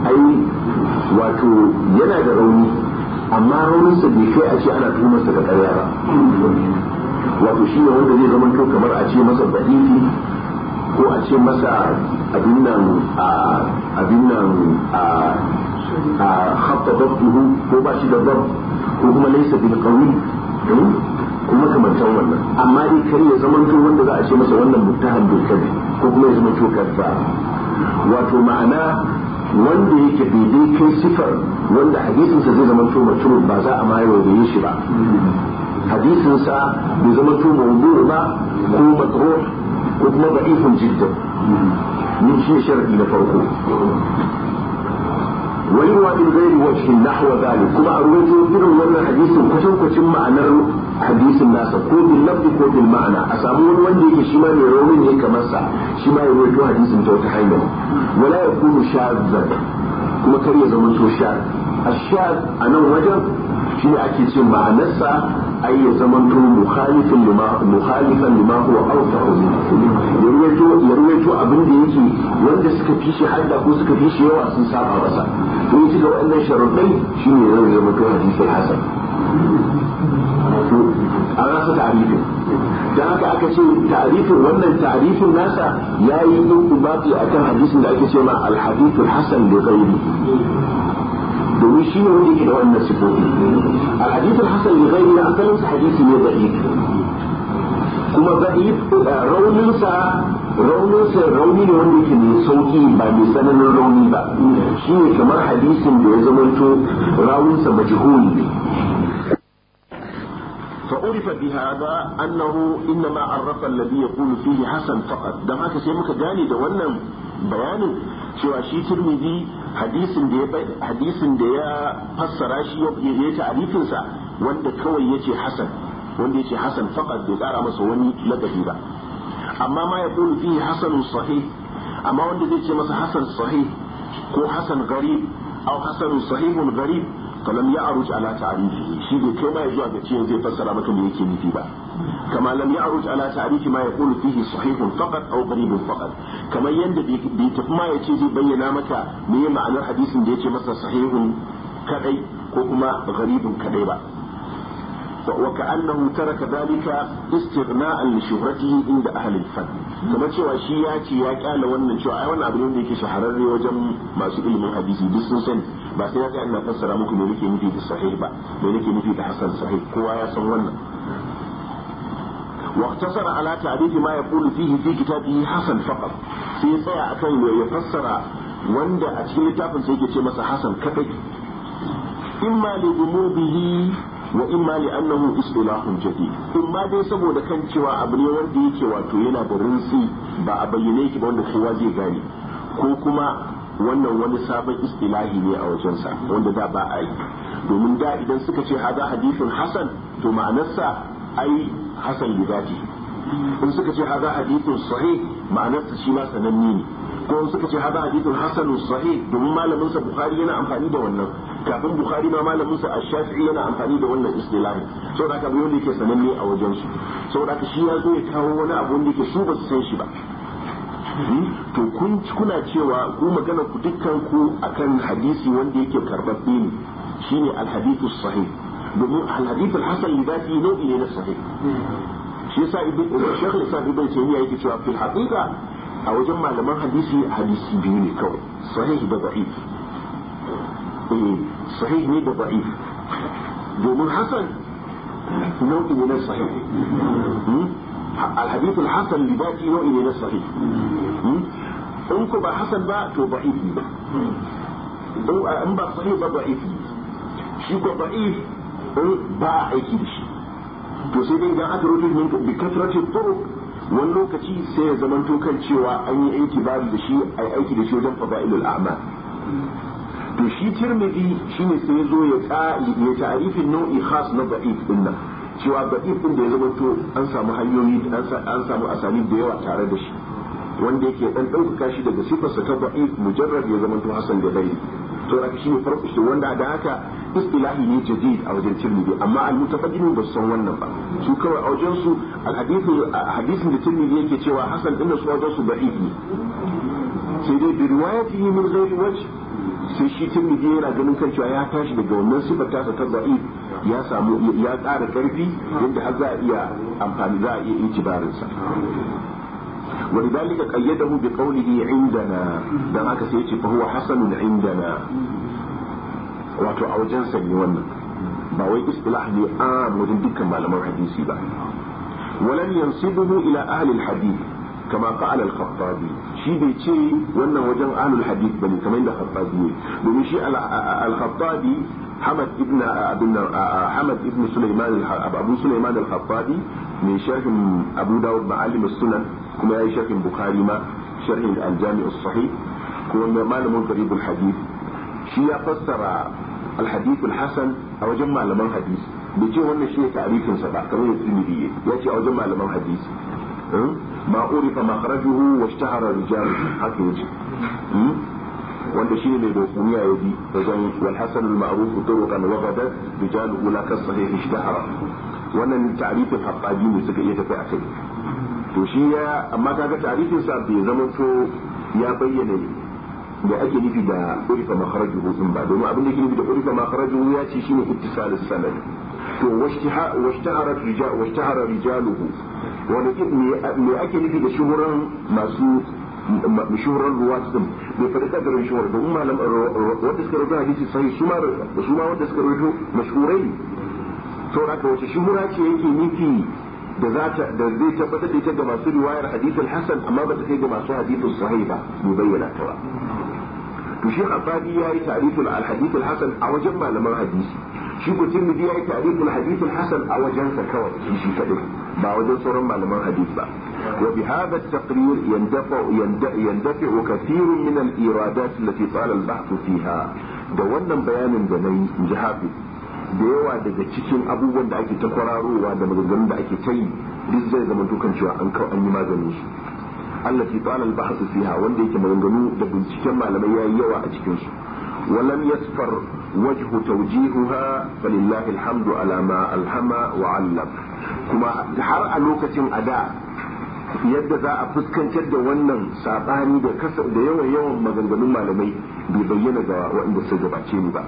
ai wato yana da rauni amma raunin sa bai kai a ce ana tuhumar sa da ƙarya ba wato shi ne wanda zai zama to kamar a ce masa da'ifi ko a ce masa abin nan a abin nan a a haɓɓa dabtuhu ko ba shi da dab ko kuma laisa bil qawi kuma kamantan wannan amma dai kar ya zamanto wanda za a ce masa wannan muttahan bil kadhi ko kuma ya zama zamanto kadza wato ma'ana wanda yake daidai kai sifar wanda hadisinsa zai zama to mutum ba za a mayar da yi shi ba hadisinsa bai zama to mawdu' ba ko makro ko kuma da'ifun jiddan min shi sharadi na farko wani wa zai riwa shi na hawa kuma a rubuto irin wannan hadisin kucin kucin ma'anar hadisin nasa ko bil ko bil ma'ana a samu wani wanda yake shi ma mai raunin ne kamar sa shi ya rubuto hadisin ta wata hanyar wala ya kuma shazzan kuma kar ya zama to ashad a nan wajen shi ake ce ma'anarsa ai ya zaman to mukhalifin lima mukhalifan lima huwa abin da yake wanda suka fi shi hadda suka fi yawa sun saba masa to yace hasan an rasa ta'arifin dan haka aka ce ta'arifin wannan ta'arifin nasa yayi dukkan baki akan hadisin da ake ce ma al-hadithul hasan da ghairi domin shi wanda yake da wannan sifofi al hasan li ghayri asalin sa hadisi ne da'if kuma da'if eh, raunin sa raunin sa rauni ne wanda yake mai sauki ba mai sananin rauni ba shi ne kamar hadisin da ya zamanto rawun sa majhuli ne فعرف بهذا أنه إنما عرف الذي يقول فيه حسن فقط ده هكا سيما كجاني ده ونم بيانه cewa shi turmizi hadisin da ya hadisin da ya fassara shi ya yi ta'arifin sa wanda kawai yace hasan wanda yace hasan faqat bai kara masa wani lakabi ba amma ma ya qulu fihi hasan sahih amma wanda zai ce masa hasan sahih ko hasan gharib aw hasan sahihun gharib falam ya'ruj ala ta'rifihi shi bai kai ba ya zuwa ga cewa zai fassara maka me yake nufi ba كما لم يعرج على تعريف ما يقول فيه صحيح فقط أو قريب فقط كما يند بيتفما يتيزي بينا متى مية معنى حديث ديتي مثلا صحيح كأي كما غريب كأيبا وكأنه ترك ذلك استغناء لشهرته عند أهل الفن كما cewa shi ya ce ya kyala wannan cewa ai wannan abin da yake shahararre wajen masu ilimin hadisi duk sun sani ba sai ya ce ina fassara muku me nake nufi da ba me nake nufi da hasan sahih kowa ya san wannan واقتصر على تعريف ما يقول فيه في كتابه حسن فقط في ساعة أكان يفسر وند أتكين تافن سيكي مسا حسن كتك إما لذنوبه وإما لأنه إصطلاح جديد إما دي سبو دا كان كوا أبني وندي كوا توينا برنسي با أبينيك بوند خوازي غاني كوكما wannan wani sabon istilahi ne a wajensa wanda da ba a yi domin da idan suka ce hada hadisin hasan to ma'anarsa ai hasan bi in suka ce hadha hadithun sahih ma'anar shi ma sananni ne ko in suka ce hadha hadithun hasanun sahih domin malamin sa bukhari yana amfani da wannan kafin bukhari ma malamin sa ash-shafi'i yana amfani da wannan istilahi saboda haka yau yake sananne a wajen su saboda haka shi ya zo ya kawo wani abu wanda yake su ba su san shi ba hmm? to kun kuna cewa ku magana ku dukkan ku akan hadisi wanda yake karbabbe ne shine al-hadithu sahih الحديث الحسن لذاته نوبي لنفسه shi yasa shekul islam ibn taymiya yake cewa fil haqiqa a wajen malaman hadisi hadisi biyu ne kawai sahih da da'if eh sahih ne da da'if domin hasan nau'i ne na sahih الحديث الحسن لذاته نوع من الصحيح in ku ba hasan ba to ba'ifi ba in ba sahih ba ba'ifi shi ko ba'if in ba a aiki da shi to sai dai idan aka rubuta min bi kasrati turuq wani lokaci sai ya zamanto kan cewa an yi aiki ba da shi ai aiki da shi wajen fadailul a'mal to shi tirmidhi shine sai ya zo ya tarifin nau'i khas na da'if din nan cewa da'if din da ya zamanto an samu hanyoyi an samu asali da yawa tare da shi wanda yake dan ɗaukaka shi daga sifarsa ta da'if mujarrad ya zamanto hasan da dai to shi ne farko shi wanda da haka istilahi ne jadid a wajen tirmidhi amma al-mutafaqqihu ba san wannan ba su kawai a wajen su al-hadithu hadisin da tirmidhi yake cewa hasan din su wajen su da'if ne sai dai bi riwayatihi min ghairi wajh sai shi tirmidhi yana ganin kan cewa ya tashi daga wannan sifar ta ta da'if ya samu ya ƙara karfi yadda har za a iya amfani za a iya intibarin sa ولذلك قيده بقوله عندنا دعاك سيتي فهو حسن عندنا wato a wajensa ne wannan ba wai istilah ne a wajen dukkan malaman hadisi ba walan yansibuhu ila ahli alhadith kama qala al shi bai ce wannan wajen ahli alhadith bane kamar da khattabi ne domin shi al-khattabi Hamad ibn abin Hamad ibn Sulaiman Abu Sulaiman al-Khattabi mai sharhin Abu Dawud ma'alim sunan kuma yayi sharhin Bukhari ma sharhin al-Jami' as-Sahih kuma malamin Qarib al-Hadith shi ya fassara alhadithul hasan a wajen malaman hadisi bai ce wannan shi ya ta'arifin sa ba kamar yadda sunni ya ce a wajen malaman hadisi hmm? ma urifa makhrajuhu wa ishtahara rijal haka yace hmm? wanda shi ne da kuniya ya bi da zan hasan al ma'ruf turuqan wa ghadat rijaluhu la kasahih ishtahara wannan ta'rifin habbaji ne suka iya tafi akai to shi ya amma kaga ta'rifin sa bai zama to ya bayyana da ake nufi da urika makharajuhu din ba domin abin da ke nufi da urika makharajuhu ya ce shine ittisalus sanad to washtahara rijal washtahara rijaluhu wani me ake nufi da shuhuran masu shuhuran ruwa din bai faɗi kadarin shuhur domin malam wanda suka rubuta hadisi sai su ma su ma wanda suka rubuta mashhurai da ka wace shuhura ce yake nufi da za ta da zai tabbatar da ita ga masu riwayar hadithul hasan amma ba ta kai ga masu hadithul sahih ba mu bayyana ta ba to shi abadi ya yi tarifin alhadith hasan a wajen malaman hadisi shi ko tirmidhi ya yi tarifin hadith hasan a wajen sa kawai shi shi kadai ba wajen sauran malaman hadis ba wa bi hadha at-taqrir yandafa yandafa kathirun min al-iradat allati tala al-bahth fiha da wannan bayanin da nayi ji hafi da yawa daga cikin abubuwan da ake ta kwararowa da maganganun da ake ta yi duk zai zama tukan cewa an an yi maganin shi Allah qala al-bahth fiha wanda yake maganganu da binciken malamai yayi yawa a cikin su ولم يسفر وجه توجيهها فلله الحمد alama alhama ألهم وعلم كما har a lokacin a da yadda za a fuskantar da wannan sabani da yawan yawan maganganun malamai bai bayyana ga waɗanda suka gabace ni ba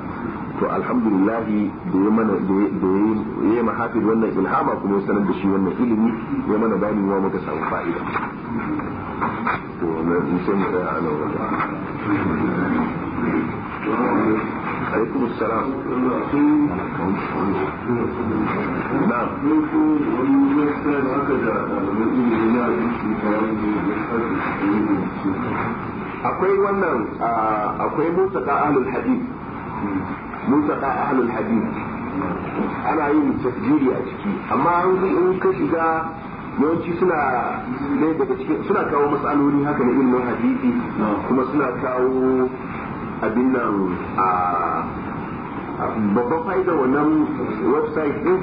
to alhamdulillah da ya mana da ya yi mahafi wannan ilhama kuma ya sanar da shi wannan ilimi ya mana bani wa muka samu fa'ida to na sai mu tsaya a nan wajen عليكم Na نعم akwai wannan akwai mutaka ahlul hadith a halin hadith ana yin tasjiri a ciki amma in ka shiga yawanci suna ne daga cikin suna kawo matsaloli haka na ilimin hadisi kuma suna kawo abin nan a babban fa'ida wannan website ɗin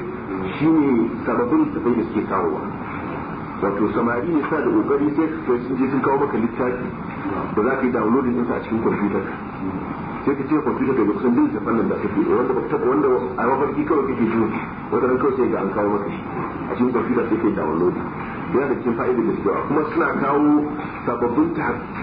shi ne sababin da suke kawowa wato samari ne suna da kokari sai sun sun kawo maka littafi da za ka yi downloading ɗinsa a cikin kwamfutar sai ka ce kwamfuta da kusan duk japan da kake da wanda baka wanda a mafarki kawai kake ji wanda ran kawai sai ga an kawo maka shi a cikin kwamfuta sai ke download yana da cikin fa'ida da cewa kuma suna kawo sababbin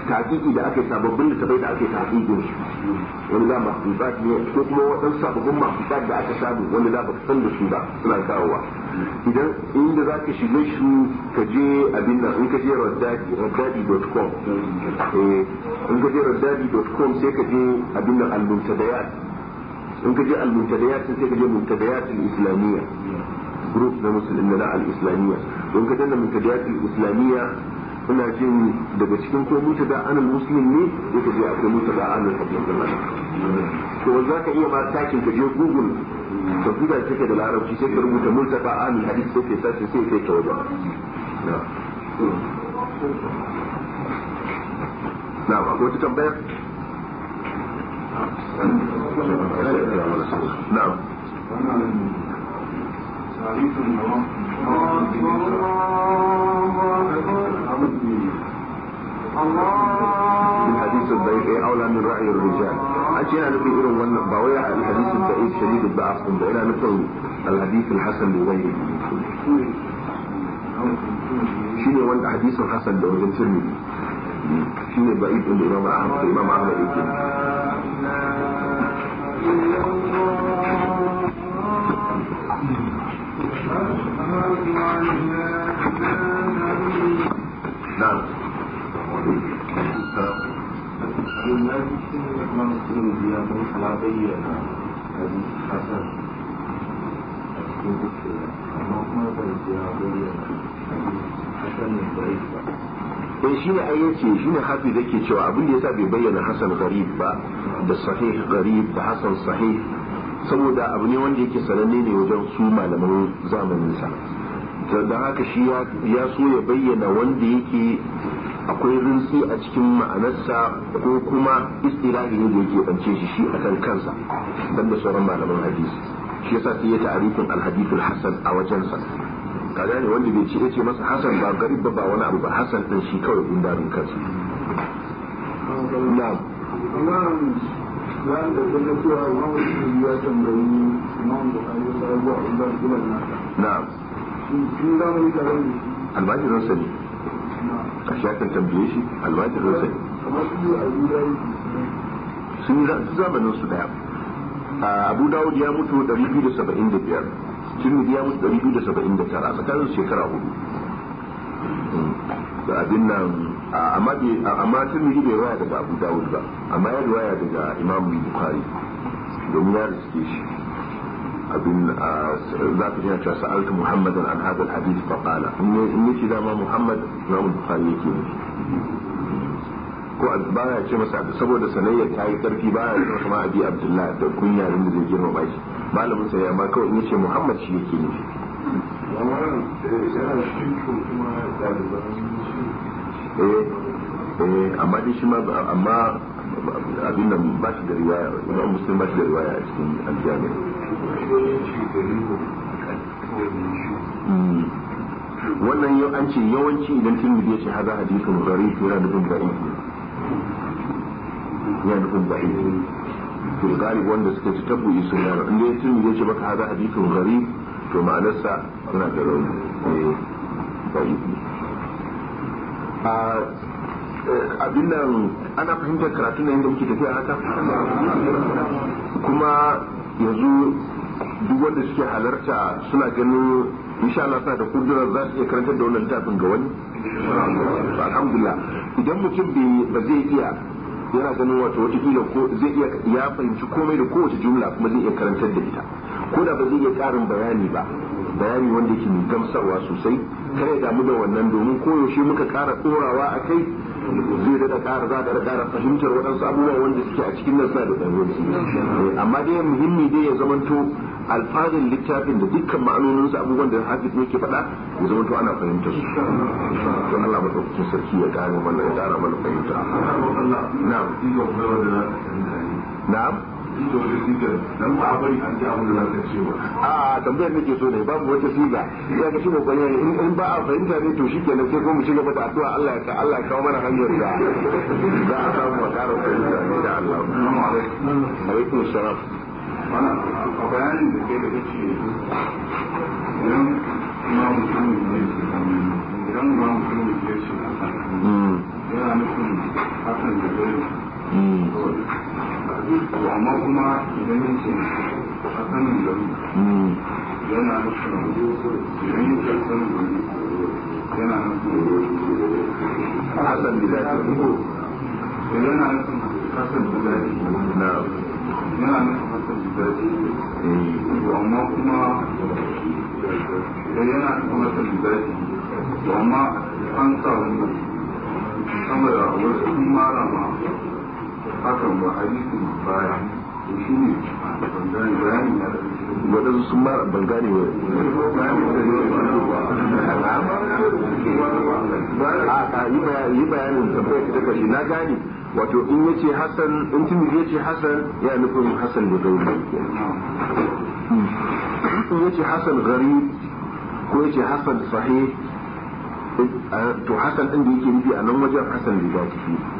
taƙiƙi da ake sababbin da tabai da ake taƙiƙin su wani za mahfuzat ne ko kuma waɗansu sababbin mahfuzat da aka samu wani za ba san da su ba suna kawowa idan inda za ka shiga shi ka je abin nan in ka je raddadi raddadi.com eh, in ka je raddadi.com sai ka je abin nan al-muntadayat in ka je al-muntadayat sai ka je muntadayat al-islamiyya group na musulmi na al-islamiyya don ka danna muntadayat al-islamiyya ina jin daga cikin ko mutu da anil muslim ne yake je akwai mutu da anil hadith to za ka iya ma takin ka je google da su da take da larabci sai ka rubuta multaka amin hadis sai ke sace sai kai ta wajen na ba ko ta tambaya na الحديث الضعيف إيه؟ أولى من رأي الرجال انا في إيرون وأن بويع الحديث الضعيف شديد الضعف عند إلى مثل الحديث الحسن لغيره شنو وأن حديث الحسن لغير الترمذي شنو بعيد عند إمام أحمد إمام أحمد يمكن نعم shi ne ai yace shi ne hafi da ke cewa abin da yasa bai bayyana hasan gharib ba da sahih gharib da hasan sahih saboda abu ne wanda yake sananne ne wajen su malaman zamanin sa da haka shi ya so ya bayyana wanda yake akwai rinsi a cikin ma'anarsa ko kuma istilahi ne da yake bance shi shi kan kansa dan da sauran malaman hadisi shi yasa sai ya ta'arifin al hasan a sa ka gane wanda bai ce yace masa hasan ba garib ba wani abu ba hasan din shi kawai gundarin kansa na'am na'am na'am na'am na'am ya na'am na'am na'am na'am na'am na'am na'am na'am na'am na'am na'am na'am na'am na'am ne a shakan tambaye shi alwajin rosa sun yi zamanin su daya abu dawud ya mutu 275 tirmidhi ya mutu 279 tsakanin shekara hudu hmm. da abin nan amma amma yi bai waya daga abu dawud ba amma ya waya daga imam bukhari domin ya riske shi abin za ta jina cewa sa'altu muhammadan an hadal hadith fa qala in yace dama muhammad imam bukhari yake ko ba ya ce masa saboda sanayyar ta yi karfi baya ce masa ma abi abdullah da kunya da zai girma ba shi malamin sa ya ma kawai in yace muhammad shi yake ne eh eh amma dai shi ma amma abin nan ba shi da riwaya imam muslim ba shi da riwaya a cikin aljami hmm. wannan yau an ce yawanci idan da ya ce hada hadithun gharib yana da bin da'if yana da bin to galib wanda suka ci tabbu isu yana inda ya tirmidhi ya ce baka hada hadithun zari to ma'anarsa suna da rauni eh, ne da'if abin nan ana fahimtar karatun nan yadda muke tafiya haka kuma yanzu duk wanda suke halarta suna ganin insha Allah sa da kudura za su iya karantar da wannan littafin ga wani alhamdulillah idan mutum ba zai iya yana ganin wato watakila ko zai iya ya fahimci komai da kowace jumla kuma zai iya karantar da ita ko da ba zai iya karin bayani ba bayani wanda yake gamsarwa sosai kare damu da wannan domin koyaushe muka kara ɗorawa a kai zai da ƙara za da ƙara fahimtar waɗansu abubuwa wanda suke a cikin nasa da ɗanwarsu eh, amma dai muhimmi dai ya zamanto alfarin littafin da dukkan ma'anoninsu abubuwan da hafiz ke faɗa ya zamanto ana fahimtar su to Allah madaukakin sarki ya ƙara mana ya ƙara mana fahimta na'am na'am shi da wani sigar dan ba a bari an ji abin da za ta ce ba a tambayar nake so ne babu wata siga ya ga shi kokari ne in ba a fahimta ne to shikenan sai mu ci gaba da addu'a Allah ya ka Allah ya kawo mana hanyar da za a samu wa ƙara fahimta insha Allah assalamu alaikum a bayanin da da kace idan ma mutum ne idan ma mutum ne shiga hmm. yana nufin hakan da zai amma kuma idan yin a sanin gari yana nufin idan yin a sanin gari yana nufin a hasan da ya karbo yana nufin hasan da ya karbo yana nufin hasan da ya amma kuma yana nufin hasan da ya amma an sa wani saboda wasu mara ma hakan ba hadisin baya to shi ne ban gane bayanin ya daga cikin waɗansu sun ma ban gane ba. a yi bayanin tambayar ta kashe na gane wato in ya ce hassan in timir ya ce hassan ya nufin hassan da gauri in ya ce hassan gari ko ya ce hassan sahih eh, to hassan ɗin da yake nufi a nan wajen hassan da ba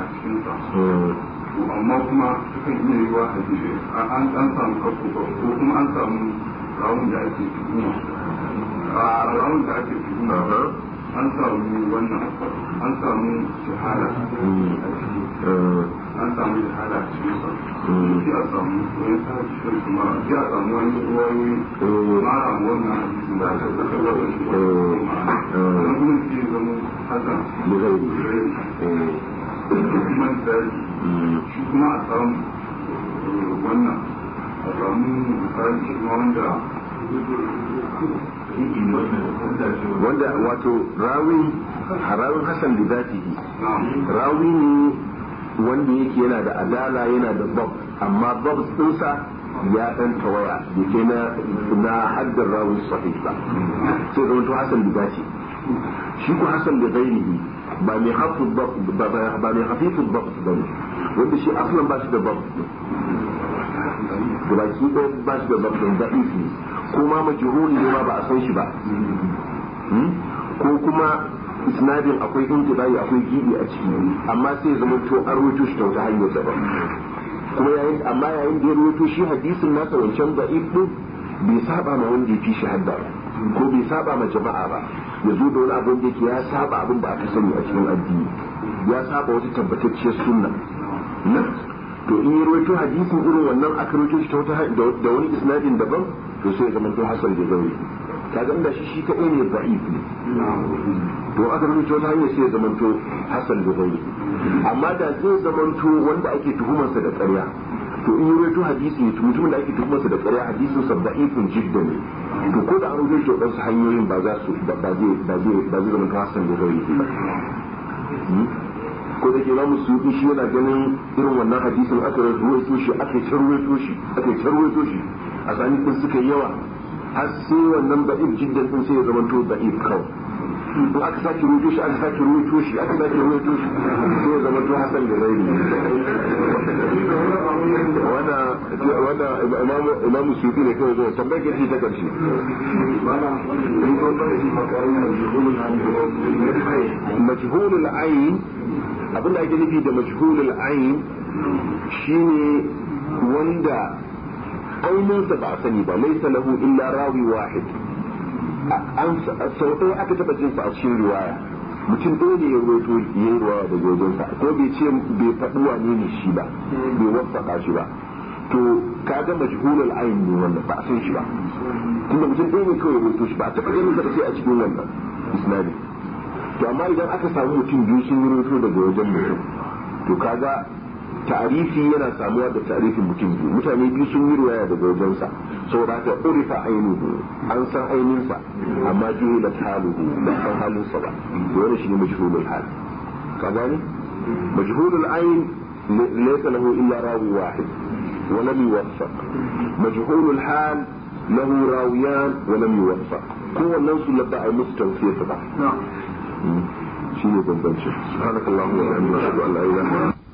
a amma kuma sukan iya yi wa an samu kasko ko kuma an samu rawun da ake tuhuma a rawun da ake tuhuma an samu wannan an samu shahada a cikin an samu shahada a cikin sa sai a samu wani sahihin kuma sai a samu wani wani mara wannan hadisin da aka zama haka da Hmm. kuma misali shi eh, wannan a wanda wanda wato rawi rawin hasan da zatihi rawi ne wanda yake yana da adala yana da bab amma bab tsinsa ya dan tawaya da ke na na haddar rawin sahih ba hmm. sai zama to hasan da zati shi ko hasan da zairihi ba mai hafi ba mai hafi su ba su bane wanda shi aslan ba shi da ba su shi da ba shi da ba su da isi ko ma majhuli ne ma ba a san shi ba ko kuma isnadin akwai intibai akwai gibi a ciki amma sai zama to an rubuto shi ta wata hanyar daban kuma yayin amma yayin da ya rubuto shi hadisin nasa wancan da'if din bai saba ma wanda ya fi shi hadda ba ko bai saba ma jama'a ba ya zo da wani abin da yake ya saba abin da aka sani a cikin addini ya saba wata tabbatacciyar sunna to in yi rawaito hadisi irin wannan aka rawaito shi ta wata da wani isnadin daban to sai ya zama to hasan da gauri ka ga inda shi shi ka ne da'if ne to aka rawaito ta hanyar sai ya zama to hasan da gauri amma da zai zama to wanda ake tuhumarsa da tsariya to in yi to hadisi to mutumin da ake tuhumarsa da tsari hadisin sa da'ifun jiddan ne to ko da an zai to dan su hanyoyin ba za su ba zai ba zai ba zai zama hasan da zai yi ko da ke zamu su shi yana ganin irin wannan hadisin aka rawaito shi aka tarwaito shi aka tarwaito shi a sani kun suka yawa har sai wannan da'if jidda ɗin sai ya zama to da'if kawai to aka sake rubuto shi aka sake rubuto shi aka sake rubuto shi to zama to hasan da zaini wanda wanda imam imam sufi ne kawai zai tambaye kace ta karshe majhulul ayn abinda ake nufi da majhulul ayn shine wanda auninsa ba sani ba laisa lahu illa rawi wahid sau ɗaya aka taɓa jin sa a cikin riwaya mutum ɗaya ne ya roto ya riwaya da sa ko bai ce bai faɗi wane ne shi ba bai wasfaka shi ba to ka ga majhulul ayin ne wannan ba a san shi ba tunda mutum ɗaya ne kawai ya roto shi ba a taɓa ganin sa sai a cikin wannan isnadi to amma idan aka samu mutum biyu sun roto daga wajen mutum to kaga ta'arifi yana samuwa da ta'arifin mutum biyu mutane biyu sun yi ruwaya daga wajensa saboda haka urifa ainihi an san ainihinsa amma jihu da haluhu ba san halinsa ba da wani shi ne majhulul hal ka gani majhulul ain laysa lahu illa rawi wahid wa lam yuwaffaq majhulul hal lahu rawiyan wa lam yuwaffaq wannan su labba ai musu tawfiq ba hmm. shine bambancin subhanakallahumma wa bihamdika ashhadu an la ilaha illa anta